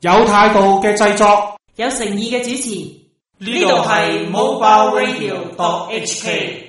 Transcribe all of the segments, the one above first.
有態度嘅製作，有誠意嘅主持，呢度係 Mobile Radio HK。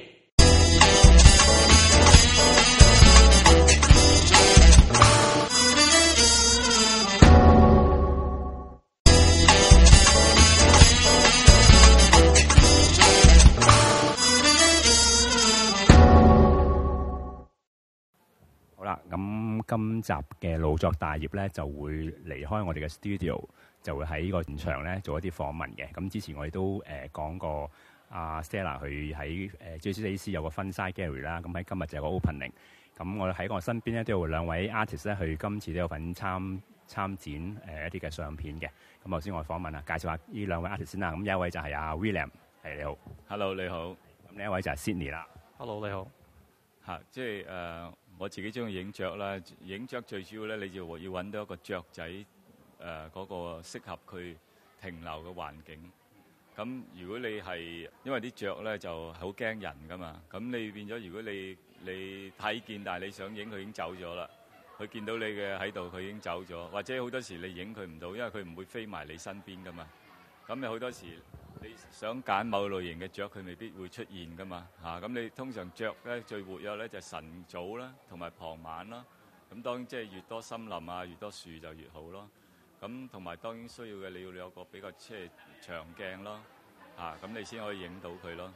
今集嘅腦作大業咧，就會離開我哋嘅 studio，就會喺呢個現場咧做一啲訪問嘅。咁之前我哋都誒講過阿、啊、Stella，佢喺 Jules 的伊斯有個 Front side gallery 啦。咁喺今日就有個 opening。咁我哋喺我身邊咧都有兩位 artist 咧，佢今次都有份參參展誒一啲嘅相片嘅。咁頭先我哋訪問啊，介紹下兩 ists，呢兩位 artist 先啦。咁有一位就係阿、啊、William，係、嗯、你好。Hello，你好。咁呢一位就係 Sydney 啦。Hello，你好。嚇、啊，即係誒。Uh 我自己中意影雀啦，影雀最主要咧，你就要搵到一個雀仔誒，嗰個適合佢停留嘅環境。咁如果你係因為啲雀咧就好驚人㗎嘛，咁你變咗如果你你睇見，但係你想影，佢已經走咗啦。佢見到你嘅喺度，佢已經走咗，或者好多時你影佢唔到，因為佢唔會飛埋你身邊㗎嘛。咁你好多時。你想揀某類型嘅雀，佢未必會出現噶嘛嚇。咁、啊、你通常雀咧最活躍咧就係、晨早啦，同埋傍晚啦。咁當然即係越多森林啊，越多樹就越好咯。咁同埋當然需要嘅你要有個比較即係長鏡咯。嚇、啊，咁你先可以影到佢咯。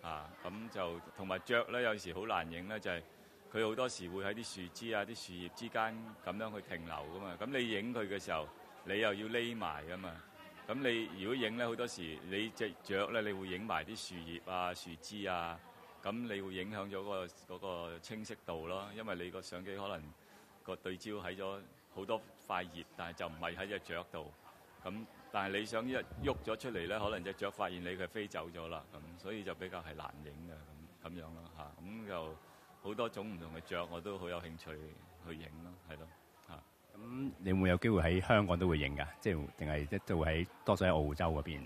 啊，咁就同埋雀咧有時好難影咧，就係佢好多時會喺啲樹枝啊、啲樹葉之間咁樣去停留噶嘛。咁你影佢嘅時候，你又要匿埋噶嘛。咁你如果影咧，好多時你隻雀咧，你會影埋啲樹葉啊、樹枝啊，咁你會影響咗嗰個嗰個清晰度咯。因為你個相機可能個對焦喺咗好多塊葉，但係就唔係喺隻雀度。咁但係你想一喐咗出嚟咧，可能隻雀發現你，佢飛走咗啦。咁所以就比較係難影嘅咁樣咯嚇。咁就好多種唔同嘅雀，我都好有興趣去影咯，係咯。咁、嗯、你會有機會喺香港都會影㗎，即係定係即都會喺多咗喺澳洲嗰邊？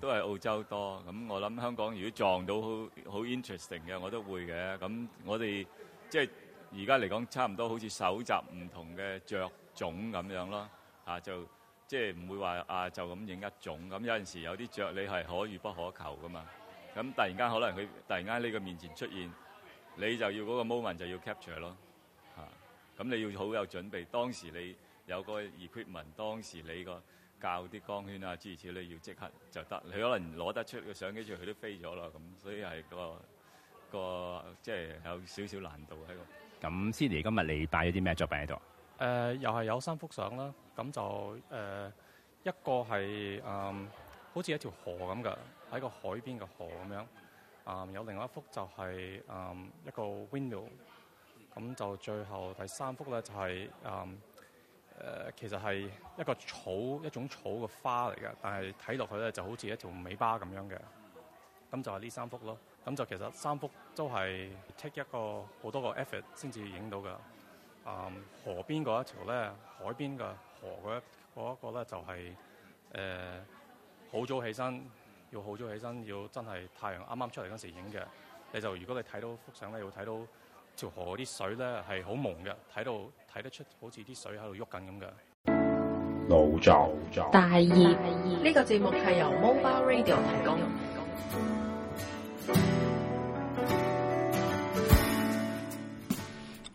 都係澳洲多。咁我諗香港如果撞到好好 interesting 嘅，我都會嘅。咁我哋即係而家嚟講，差唔多好似搜集唔同嘅雀種咁樣咯。啊，就即係唔會話啊，就咁影一種。咁有陣時有啲雀你係可遇不可求㗎嘛。咁突然間可能佢突然間喺你嘅面前出現，你就要嗰個 moment 就要 capture 咯。咁、嗯、你要好有準備，當時你有個 equipment，當時你個教啲光圈啊諸如此類，要即刻就得。你可能攞得出個相機，跟住佢都飛咗啦。咁、嗯、所以係個個即係有少少難度喺度。咁 Cindy 今日你擺咗啲咩作品喺度？誒、呃，又係有三幅相啦。咁就誒、呃、一個係誒、嗯，好似一條河咁嘅，喺個海邊嘅河咁樣。啊、嗯，有另外一幅就係、是、誒、嗯、一個 window。咁就最後第三幅咧，就係、是、誒、嗯呃，其實係一個草，一種草嘅花嚟嘅，但係睇落去咧就好似一條尾巴咁樣嘅。咁就係呢三幅咯。咁、嗯、就其實三幅都係 take 一個好多個 effort 先至影到嘅。誒、嗯，河邊嗰一條咧，海邊嘅河嗰一個咧，就係誒好早起身，要好早起身，要真係太陽啱啱出嚟嗰時影嘅。你就如果你睇到幅相咧，要睇到。呢條河啲水咧係好濛嘅，睇到睇得出，得出好似啲水喺度喐緊咁嘅。老就就大二大二，呢個節目係由 Mobile Radio 提供。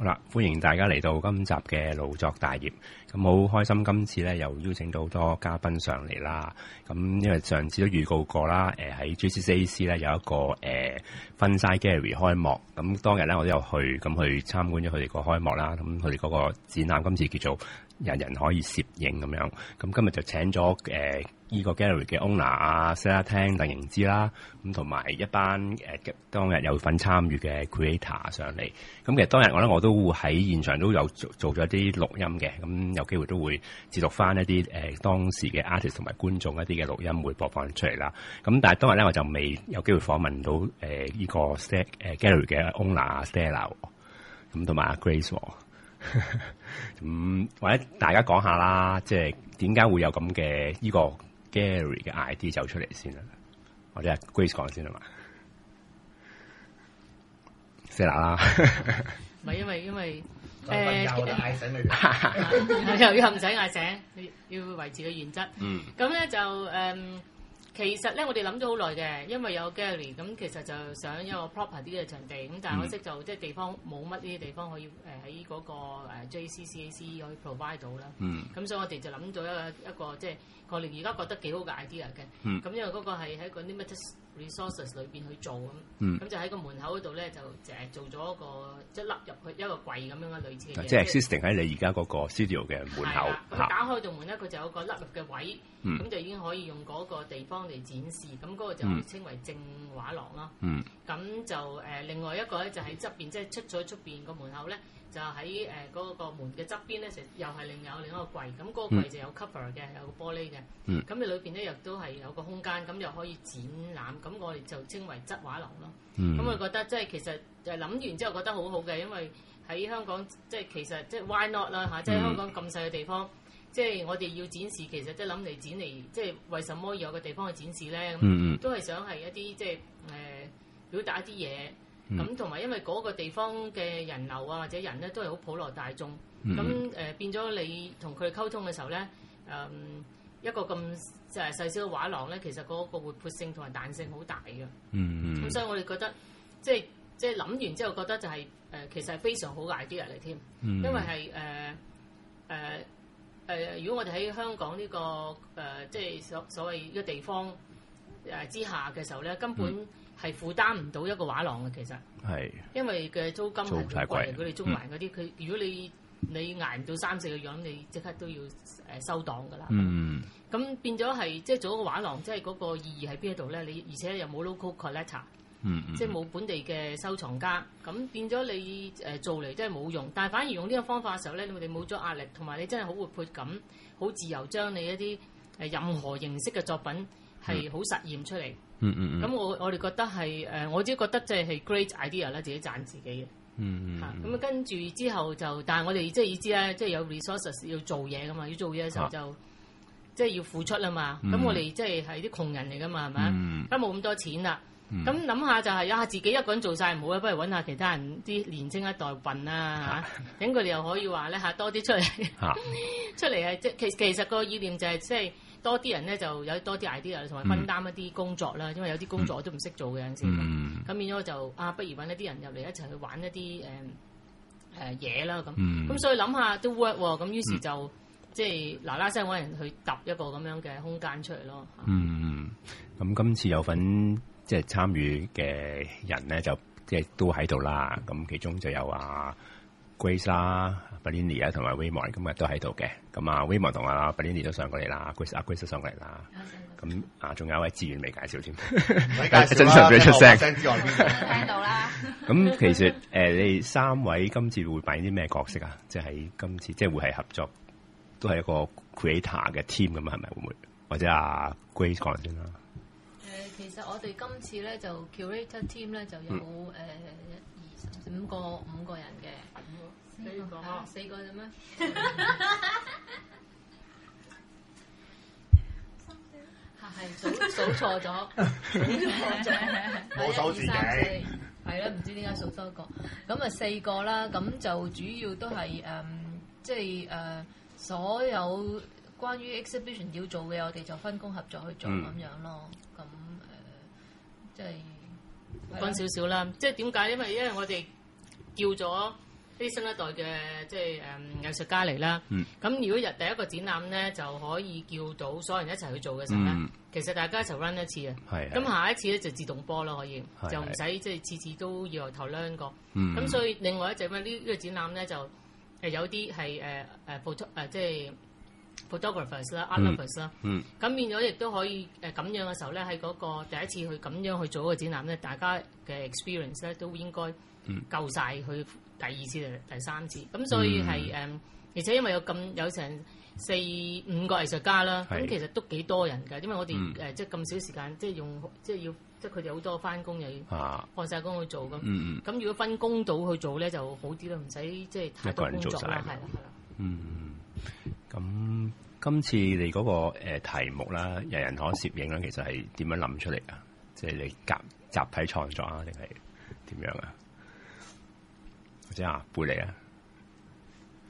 嗱，歡迎大家嚟到今集嘅腦作大業。咁好開心，今次咧又邀請到好多嘉賓上嚟啦。咁因為上次都預告過啦，誒喺 GCCAC 咧有一個、呃、Front-side Gallery 開幕。咁當日咧我都有去，咁去參觀咗佢哋個開幕啦。咁佢哋嗰個展覽今次叫做人人可以攝影咁樣，咁今日就請咗誒依個 gallery 嘅 owner 阿 Stella 聽鄧盈之啦，咁同埋一班誒、呃、當日有份參與嘅 creator 上嚟。咁其實當日我咧我都會喺現場都有做做咗啲錄音嘅，咁有機會都會接續翻一啲誒、呃、當時嘅 artist 同埋觀眾一啲嘅錄音會播放出嚟啦。咁但係當日咧我就未有機會訪問到誒依、呃依個誒 gallery 嘅 owner 阿 Stella，咁同埋阿 Grace。咁、 嗯、或者大家講下啦，即係點解會有咁嘅呢個 Gary 嘅 ID 走出嚟先啦？或者 Grace 講先啦嘛？謝娜啦，唔係 因為因為誒，嗌醒又要唔使嗌醒，你要維持個原則、嗯。嗯，咁咧就誒。其實咧，我哋諗咗好耐嘅，因為有 gallery，咁、嗯、其實就想有 proper 啲嘅場地，咁但係可惜就即係、嗯、地方冇乜呢啲地方可以誒喺嗰個、呃、JCCAC 可以 provide 到啦。嗯。咁所以我哋就諗咗一一個，一個，一個即係概念，而家覺得幾好嘅 idea 嘅。咁、嗯、因為嗰個係喺一個乜 resources 裏邊去做咁，咁、嗯、就喺個門口嗰度咧，就淨係做咗一個一凹入去一個櫃咁樣嘅類似嘅即係 existing 喺你而家嗰個 studio 嘅門口。係、啊啊、打開道門咧，佢就有個凹入嘅位，咁、嗯、就已經可以用嗰個地方嚟展示。咁嗰個就稱為正畫廊啦。嗯，咁就誒、呃，另外一個咧就喺側邊，即、就、係、是、出咗出邊個門口咧。就喺誒嗰個門嘅側邊咧，又係另有另一個櫃，咁、那、嗰個櫃、嗯、就有 cover 嘅，有個玻璃嘅。嗯。咁你裏邊咧，亦都係有個空間，咁又可以展覽。咁我哋就稱為側畫廊咯。嗯。咁、嗯、我覺得即係其實誒諗完之後覺得好好嘅，因為喺香港即係其實即係 why not 啦、啊、嚇，即係、嗯、香港咁細嘅地方，即係我哋要展示，其實即係諗嚟展嚟，即係為什麼要有個地方去展示咧、嗯？都係想係一啲即係誒表達一啲嘢。咁同埋，嗯、因為嗰個地方嘅人流啊，或者人咧，都係好普羅大眾。咁誒、嗯呃、變咗你同佢溝通嘅時候咧，誒、呃、一個咁誒細小嘅畫廊咧，其實嗰個活潑性同埋彈性好大嘅、嗯。嗯咁、嗯、所以我哋覺得，即係即係諗完之後，覺得就係、是、誒、呃、其實係非常好嘅 idea 嚟添。因為係誒誒誒，如果我哋喺香港呢、這個誒、呃、即係所所謂呢個地方誒、呃、之下嘅時候咧，根本、嗯。係負擔唔到一個畫廊嘅其實，是因為嘅租金係太貴，佢哋租埋嗰啲佢，如果你你捱唔到三四個月，你即刻都要誒收檔㗎啦。嗯咁變咗係即係做一個畫廊，即係嗰個意義喺邊度咧？你而且又冇 local collector，嗯嗯即係冇本地嘅收藏家，咁變咗你誒、呃、做嚟真係冇用。但係反而用呢個方法嘅時候咧，你哋冇咗壓力，同埋你真係好活潑咁，好自由將你一啲誒、呃、任何形式嘅作品係好實驗出嚟。嗯嗯咁我我哋覺得係誒，我只覺得即係係 great idea 啦，自己賺自己嘅。嗯，嗯嗯。嚇、啊，咁啊跟住之後就，但係我哋即係意思咧，即係有 resources 要做嘢噶嘛，要做嘢嘅時候就、啊、即係要付出啦嘛。咁、嗯嗯啊、我哋即係係啲窮人嚟噶嘛，係咪啊？冇咁多錢啦。嗯。咁諗下就係有下自己一個人做晒唔好啊，不如揾下其他人啲年青一代混啦嚇，等佢哋又可以話咧嚇多啲出嚟、啊啊，出嚟係即係其其實個意念，念、就係就係、個意念就係即係。就係就係多啲人咧就有多啲 idea，同埋分擔一啲工作啦。因為有啲工作我都唔識做嘅有陣時，咁變咗就啊，不如揾一啲人入嚟一齊去玩一啲誒誒嘢啦。咁咁所以諗下都 work，咁於是就即係嗱嗱聲揾人去揼一個咁樣嘅空間出嚟咯。嗯，咁今次有份即係參與嘅人咧，就即係都喺度啦。咁其中就有阿 Grace 啦。Benny 啊，同埋 Wee Mon 今日都喺度嘅，咁啊 Wee Mon 同啊 Benny 都上過嚟啦，Grace 阿 Grace 都上過嚟啦，咁啊仲有一位志願未介紹添，嗯、紹 真想俾佢出聲之外邊聽到啦。咁其實誒、呃，你哋三位今次會扮啲咩角色啊？即、就、係、是、今次即係、就是、會係合作，都係一個 curator 嘅 team 咁啊？係咪會唔會或者阿 Grace 講先啦？誒、嗯，其實我哋今次咧就 curator team 咧就有誒五個五個人嘅。嗯四個、啊？四個嘅咩？係係數數錯咗，我數自己係啦，唔知點解數多個咁啊，四個啦。咁就主要都係誒，即係誒，所有關於 exhibition 要做嘅，我哋就分工合作去做咁、嗯、樣咯。咁誒，即係分少少啦。即係點解？因為因為我哋叫咗。啲新一代嘅即係誒藝術家嚟啦。咁如果入第一個展覽咧，就可以叫到所有人一齊去做嘅時候咧，其實大家一齊 run 一次嘅。咁下一次咧就自動播咯，可以就唔使即係次次都要投兩個，咁所以另外一隻咩呢？呢個展覽咧就誒有啲係誒誒 photo 誒即係 photographers 啦、artists 啦。咁變咗亦都可以誒咁樣嘅時候咧，喺嗰個第一次去咁樣去做個展覽咧，大家嘅 experience 咧都應該夠晒去第二次定第三次咁，所以係誒、嗯嗯，而且因為有咁有成四五個藝術家啦，咁是其實都幾多人㗎，因為我哋誒、嗯呃、即係咁少時間，即係用即係要即係佢哋好多翻工又要放晒工去做咁，咁、嗯、如果分工到去做咧就好啲啦，唔使即係太多工作一個人做曬。對對嗯，咁今、嗯、次你嗰個誒題目啦，人人可攝影啦，其實係點樣諗出嚟啊？即、就、係、是、你集集體創，創作啊，定係點樣啊？即係啊，貝利啊！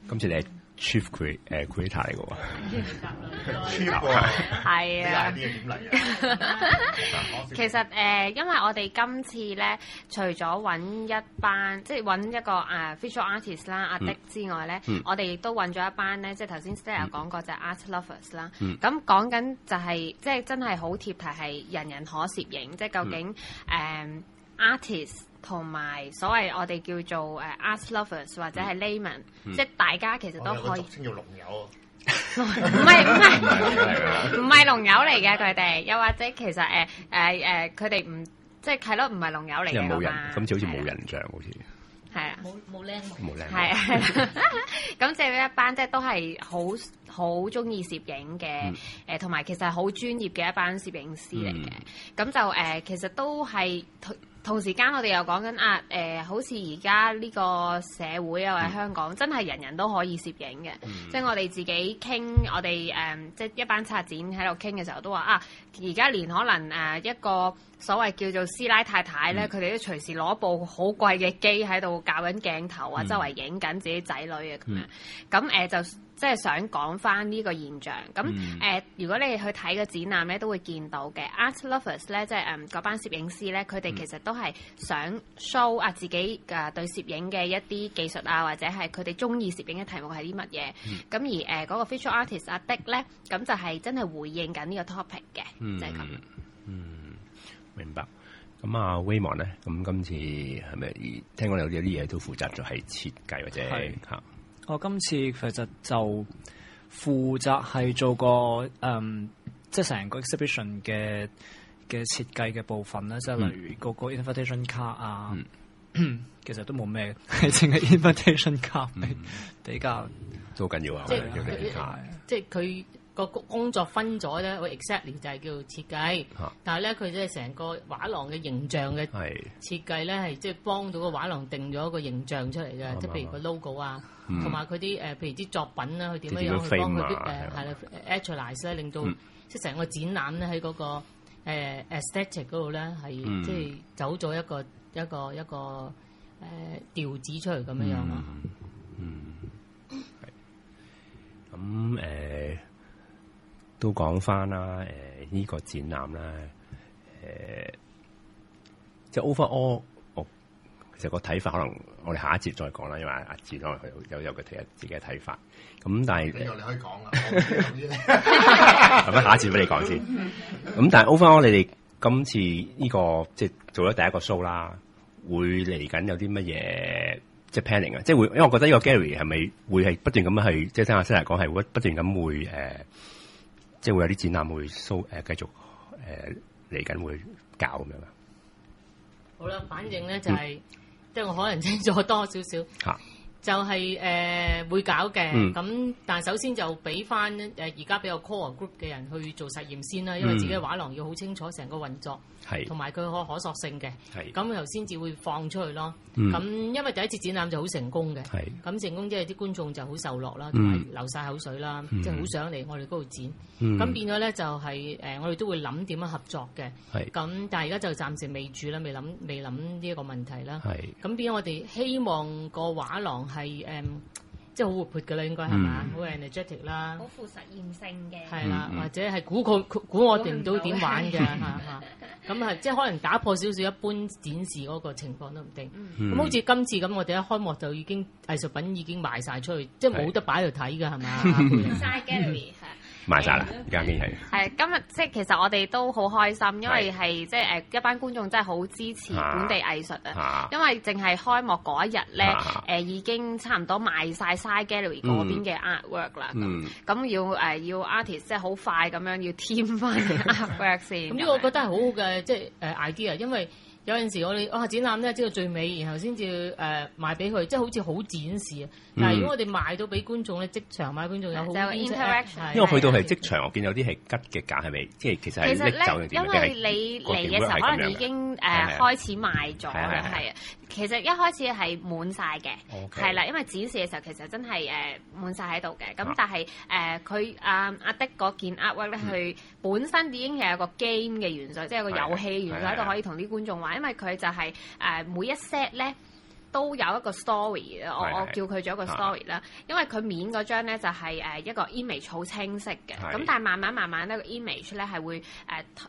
今次你係 chief cre 誒 creator 嚟嘅喎，係啊，點嚟嘅？其實誒、呃，因為我哋今次咧，除咗揾一班，即係揾一個啊、uh,，visual artist 啦、阿迪之外咧，嗯、我哋亦都揾咗一班咧，即係頭先 Stella 講過就係 art lovers 啦。咁講緊就係，即係真係好貼題，係人人可攝影。即係究竟誒、uh,，artist。同埋所謂我哋叫做誒 art lovers 或者係 layman，即係大家其實都可以。我覺得俗稱叫龍友，唔係唔係唔係龍友嚟嘅佢哋，又或者其實誒誒誒佢哋唔即係係咯，唔係龍友嚟嘅嘛。咁好似冇人像好似，係啊，冇冇靚，冇靚，係啊。咁即係一班即係都係好好中意攝影嘅誒，同埋其實係好專業嘅一班攝影師嚟嘅。咁就誒，其實都係。同時間我哋又講緊啊，誒、呃，好似而家呢個社會啊，或者香港，嗯、真係人人都可以攝影嘅、嗯嗯，即係我哋自己傾，我哋誒，即係一班策展喺度傾嘅時候都話啊，而家連可能誒、啊、一個所謂叫做師奶太太咧，佢哋、嗯、都隨時攞部好貴嘅機喺度搞緊鏡頭啊，嗯、周圍影緊自己仔女啊咁、嗯、樣，咁、呃、誒就。即係想講翻呢個現象咁誒、呃，如果你去睇個展覽咧，都會見到嘅。嗯、Art lovers 咧，即係誒嗰班攝影師咧，佢哋其實都係想 show 啊自己嘅對攝影嘅一啲技術啊，或者係佢哋中意攝影嘅題目係啲乜嘢。咁、嗯、而誒嗰、呃那個 feature artist 阿、啊就是、Dick 咧，咁就係真係回應緊呢個 topic 嘅，即係咁。嗯，明白。咁阿 Waymon 咧，咁今次係咪聽講有啲啲嘢都負責咗係設計或者嚇？是我今次其實就負責係做個嗯，即係成個 exhibition 嘅嘅設計嘅部分咧，即係例如個個 invitation card 啊、嗯， 其實都冇咩，係淨係 invitation card、嗯、比較都好緊要啊！即係 invitation 卡啊！即係佢。個工作分咗咧，我 exactly 就係叫設計，但係咧佢即係成個畫廊嘅形象嘅設計咧，係即係幫到個畫廊定咗個形象出嚟嘅，是不是即係譬如個 logo 啊，同埋佢啲誒，譬、呃、如啲作品啊，佢點樣樣去幫佢啲誒係啦 actualize 咧， 令到即係成個展覽咧喺嗰個誒、呃、aesthetic 嗰度咧係即係走咗一個一個一個誒、呃、調子出嚟咁樣樣啊嗯。 嗯，係、嗯。咁、嗯、誒。 嗯嗯嗯 都講翻啦，誒、呃、呢、這個展覽啦。誒、呃、即係 Overall，我、哦、其實個睇法可能我哋下一節再講啦，因為阿志可能佢有有，有個睇自己嘅睇法。咁、嗯、但係，你可以講啦，咁下一節俾你講先。咁、嗯、但係 Overall，你哋今次呢、這個即係做咗第一個 show 啦，會嚟緊有啲乜嘢即係 planning 啊？即係會，因為我覺得呢個 Gary 係咪會係不斷咁去，即係聽阿 Sir 嚟講係會不斷咁會誒？呃即係會有啲展覽會 show 誒、呃、繼續誒嚟緊會搞，咁樣啊！好啦，反應咧就係、是嗯、即係我可能清楚多少少。啊就係誒會搞嘅。咁但係首先就俾翻誒而家比較 core group 嘅人去做實驗先啦，因為自己畫廊要好清楚成個運作，係同埋佢可可塑性嘅，係咁頭先至會放出去咯。咁因為第一次展覽就好成功嘅，係咁成功即係啲觀眾就好受落啦，流晒口水啦，即係好想嚟我哋度展。咁變咗咧就係誒我哋都會諗點樣合作嘅，係咁但係而家就暫時未住啦，未諗未諗呢一個問題啦。係咁變咗我哋希望個畫廊。係誒，即係好活潑嘅啦，應該係嘛，好 energetic 啦，好富實驗性嘅，係啦，或者係估佢估我哋唔到點玩嘅，係嘛，咁係即係可能打破少少一般展示嗰個情況都唔定，咁好似今次咁，我哋一開幕就已經藝術品已經賣晒出去，即係冇得擺度睇㗎，係嘛？Side gallery 係賣晒啦，而家邊係？係今日，即係其實我哋都好開心，因為係即係誒一班觀眾真係好支持本地藝術啊！因為淨係開幕嗰一日咧，誒、啊、已經差唔多賣晒。Side Gallery 嗰邊嘅 artwork 啦。咁、嗯、要誒要 artist 即係好快咁樣要添翻啲 artwork 先。咁呢 因為 個我覺得係好好嘅即係誒 idea，因為。有陣時我哋哦展覽咧，知道最尾，然後先至誒賣俾佢，即係好似好展示啊！但係如果我哋賣到俾觀眾咧，即場買觀眾有好，因為去到係即場我見有啲係吉嘅價，係咪即係其實係拎走嘅？因為你嚟嘅時候可能已經誒開始賣咗係啊！其實一開始係滿晒嘅，係啦，因為展示嘅時候其實真係誒滿晒喺度嘅。咁但係誒佢阿阿的件 Artwork 咧，佢本身已經係有個 game 嘅元素，即係個遊戲元素喺度，可以同啲觀眾玩。因為佢就係誒，每一 set 咧。都有一個 story，我我叫佢做一個 story 啦，因為佢面嗰張咧就係誒一個 image 好清晰嘅，咁但係慢慢慢慢咧個 image 咧係會誒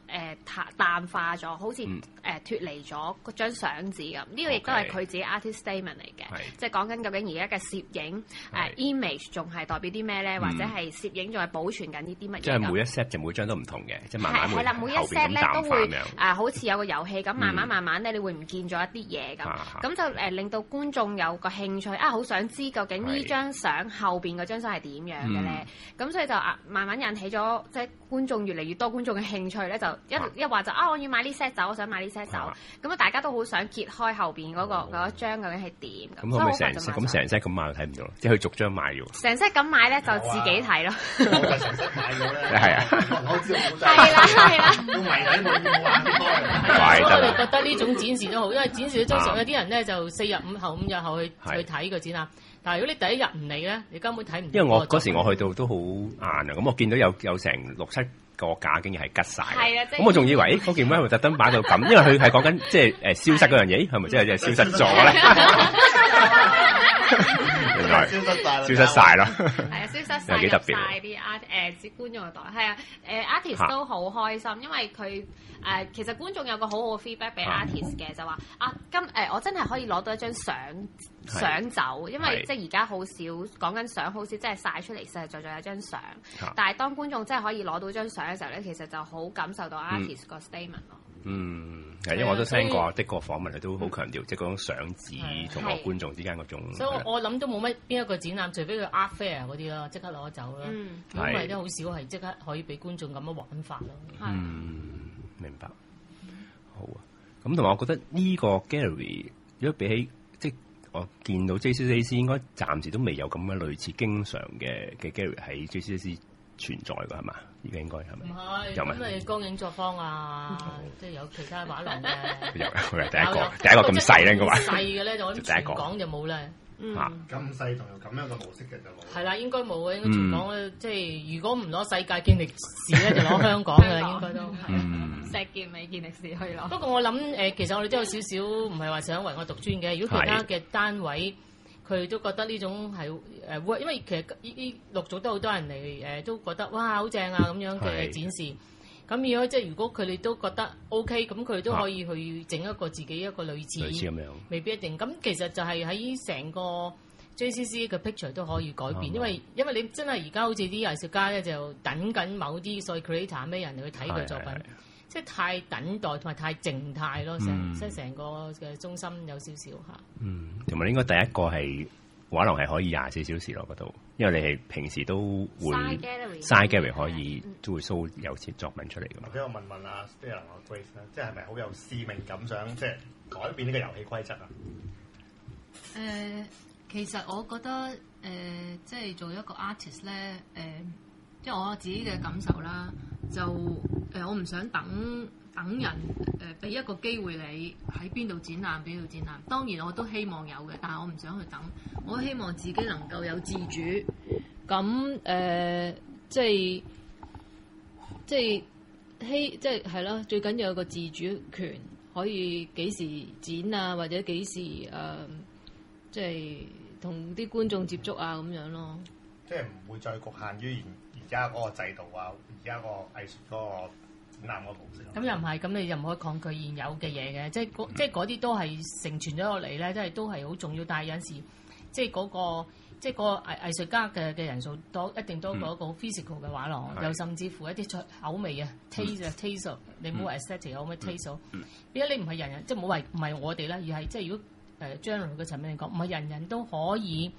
誒淡淡化咗，好似誒脫離咗嗰張相紙咁。呢個亦都係佢自己 artist statement 嚟嘅。係，即係講緊究竟而家嘅攝影誒 image 仲係代表啲咩咧，或者係攝影仲係保存緊呢啲乜嘢？即係每一 set 就每張都唔同嘅，即係慢慢後邊淡化咁樣。係，嗱每一 set 咧都會誒好似有個遊戲咁，慢慢慢慢咧你會唔見咗一啲嘢咁，咁就誒令到。到觀眾有個興趣啊，好想知究竟呢張相後邊嗰張相係點樣嘅咧？咁、嗯、所以就啊，慢慢引起咗即係。就是觀眾越嚟越多，觀眾嘅興趣咧就一一話就啊，我要買呢 set 走，我想買呢 set 走。咁啊，大家都好想揭開後邊嗰個嗰一張究竟係點。咁可唔可以成 set 咁成 set 咁買就睇唔到啦，即係佢逐張買喎。成 set 咁買咧就自己睇咯。成 set 買係啊，係啊，冇謎底冇冇啊，我哋覺得呢種展示都好，因為展示都忠實，有啲人咧就四日五後五日後去去睇個展覽。但如果你第一日唔嚟咧，你根本睇唔到。因為我嗰時我去到都好晏啊，咁我見到有有成六七個架，竟然係吉晒。係啊，咁、就是、我仲以為嗰件咩會特登擺到咁， 因為佢係講緊即係誒消失嗰樣嘢，係咪即係即係消失咗咧？ 消失晒 消失曬了咯，係啊！消失晒曬啲 art 誒，啲觀眾嘅袋係啊！誒，artist 都好開心，因為佢誒其實觀眾有個好好嘅 feedback 俾 artist 嘅， 就話啊今誒、呃、我真係可以攞到一張相，想走，因為即係而家好少講緊相，好少即係晒出嚟，實實在在有張相，但係當觀眾真係可以攞到一張相嘅時候咧，其實就好感受到 artist 個 statement 咯。嗯嗯，係，因為我都聽過以、啊、的個訪問，佢都好強調，即係嗰種相紙同個觀眾之間嗰種。所以是我我諗都冇乜邊一個展覽，除非佢 art fair 嗰啲啦，即刻攞走啦。咁係都好少係即刻可以俾觀眾咁樣玩法咯。是嗯，是明白。嗯、好啊，咁同埋我覺得呢個 gallery，如果比起即係我見到 J C C 應該暫時都未有咁嘅類似經常嘅嘅 gallery 喺 J C C。存在噶係嘛？而家應該係咪？唔係，咁咪光影作坊啊，即係有其他畫廊嘅。有，第一個，第一個咁細咧，應該。細嘅咧，就攞香港就冇啦。嚇！咁細同咁樣嘅模式嘅就冇。係啦，應該冇嘅，應該全港嘅，即係如果唔攞世界見歷史咧，就攞香港嘅，應該都。石建美見歷史去攞。不過我諗誒，其實我哋都有少少唔係話想唯我獨尊嘅。如果其他嘅單位。佢哋都覺得呢種係誒、呃，因為其實呢啲陸續都好多人嚟誒、呃，都覺得哇好正啊咁樣嘅展示。咁的如果即係如果佢哋都覺得 O K，咁佢都可以去整一個自己一個類似，類似未必一定。咁其實就係喺成個 J C C 嘅 picture 都可以改變，的因為因為你真係而家好似啲藝術家咧，就等緊某啲所謂 creator 咩人嚟去睇佢作品。即係太等待同埋太靜態咯，成即係成個嘅中心有少少嚇。嗯，同埋應該第一個係畫廊係可以廿四小時咯嗰度，因為你係平時都會。嘥 gallery 可以、嗯、都會 show 有啲作品出嚟嘅嘛。或者我問問啊，Stella，啊，Grace，啊即係係咪好有使命感想即係改變呢個遊戲規則啊？誒、嗯呃，其實我覺得誒、呃，即係做一個 artist 咧，誒、呃，即係我自己嘅感受啦、嗯。嗯就誒、呃，我唔想等等人誒，俾、呃、一個機會你喺邊度展覽邊度展覽，當然我都希望有嘅，但係我唔想去等。我希望自己能夠有自主。咁誒、呃，即係即係，希，即係，係咯。最緊要有個自主權，可以幾時展啊，或者幾時，誒、呃，即係同啲觀眾接觸啊，咁樣咯。即係唔會再局限於。而家嗰個制度啊，而家個藝術嗰個南岸模式咁又唔係咁，你又唔可以抗拒現有嘅嘢嘅，即係嗰即係啲都係承傳咗落嚟咧，即係都係好重要。但係有陣時，即係嗰個即係嗰個藝術、嗰個、藝術家嘅嘅人數多一定多過一個 physical 嘅畫廊。的又甚至乎一啲菜口味啊 taste 啊、嗯、taste，of,、嗯、你冇 aesthetic 嘅口味 taste，點解你唔係人人即係冇話唔係我哋咧，而係即係如果誒將來嘅層面嚟講，唔係人人都可以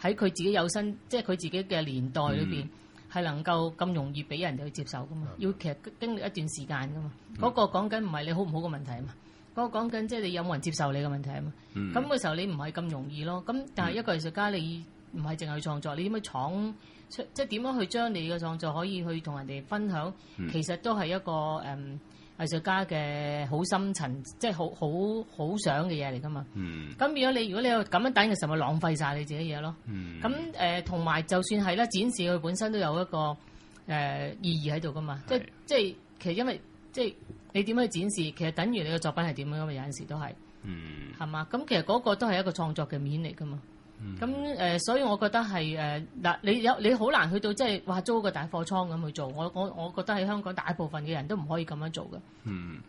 喺佢自己有身即係佢自己嘅年代裏邊。嗯係能夠咁容易俾人哋去接受噶嘛？的要其實經歷一段時間噶嘛。嗰、嗯、個講緊唔係你好唔好嘅問題啊嘛。嗰、嗰個講緊即係你有冇人接受你嘅問題啊嘛。咁嘅、嗯、時候你唔係咁容易咯。咁但係一個藝術家你唔係淨係去創作，嗯、你點樣闖出？即係點樣去將你嘅創作可以去同人哋分享？嗯、其實都係一個誒。Um, 藝術家嘅好深層，即係好好好想嘅嘢嚟噶嘛。咁、嗯、變咗你如果你有咁樣等嘅時候，咪浪費晒你自己嘢咯。咁誒、嗯，同埋、呃、就算係咧，展示佢本身都有一個誒、呃、意義喺度噶嘛。是即即係其實因為即係你點樣去展示，其實等於你嘅作品係點樣噶嘛。有陣時都係，係嘛、嗯？咁其實嗰個都係一個創作嘅面嚟噶嘛。咁誒、嗯呃，所以我覺得係誒嗱，你有你好難去到即係話租個大貨倉咁去做。我我我覺得喺香港大部分嘅人都唔可以咁樣做嘅、嗯嗯。嗯。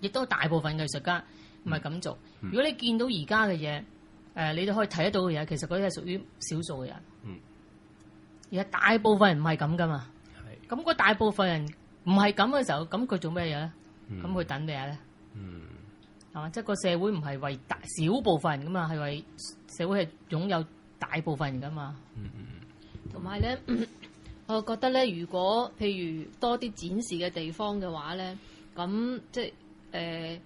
亦都大部分藝術家唔係咁做。如果你見到而家嘅嘢，誒、呃、你都可以睇得到嘅嘢，其實嗰啲係屬於少數嘅人。而家、嗯、大部分人唔係咁噶嘛。係的。咁個大部分人唔係咁嘅時候，咁佢做咩嘢咧？咁佢等咩嘢咧？嗯。係嘛、啊？即係個社會唔係為大小部分㗎嘛，係為社會係擁有大部分㗎嘛。嗯嗯同埋咧，我覺得咧，如果譬如多啲展示嘅地方嘅話咧，咁即係誒、呃、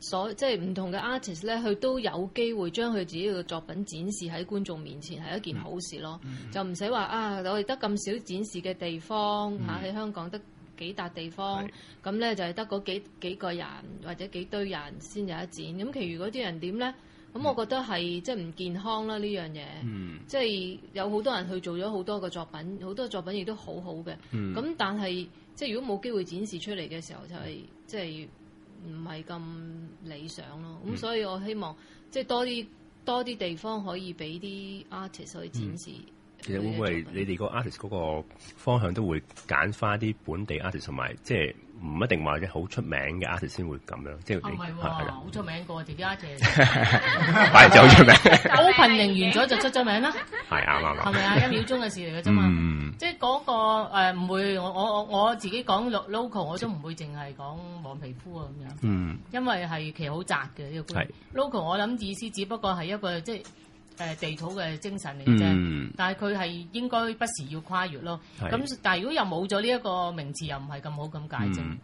所即係唔同嘅 artist 咧，佢都有機會將佢自己嘅作品展示喺觀眾面前，係一件好事咯。嗯、就唔使話啊，我哋得咁少展示嘅地方吓，喺、啊嗯、香港得。幾笪地方咁咧是，就係得嗰幾幾個人或者幾堆人先有一展，咁其餘嗰啲人點咧？咁我覺得係即係唔健康啦呢樣嘢，即係、嗯、有好多人去做咗好多個作品，好多作品亦都好好嘅。咁、嗯、但係即係如果冇機會展示出嚟嘅時候，就係即係唔係咁理想咯。咁、嗯、所以我希望即係、就是、多啲多啲地方可以俾啲 artist 去展示。嗯其實會唔會你哋個 artist 嗰個方向都會揀返啲本地 artist 同埋，即係唔一定話咧好出名嘅 artist 先會咁樣，即係唔係喎？好出名過自己 artist 快走出名，好貧營完咗就出咗名啦。係啊，係咪啊？一秒鐘嘅事嚟嘅啫嘛。即係嗰個誒唔會，我我我我自己講 local，我都唔會淨係講黃皮膚啊咁樣。嗯，因為係其實好窄嘅。呢個 local，我諗意思只不過係一個即係。誒地土嘅精神嚟啫，但係佢係應該不時要跨越咯。咁但係如果又冇咗呢一個名詞，又唔係咁好咁解啫。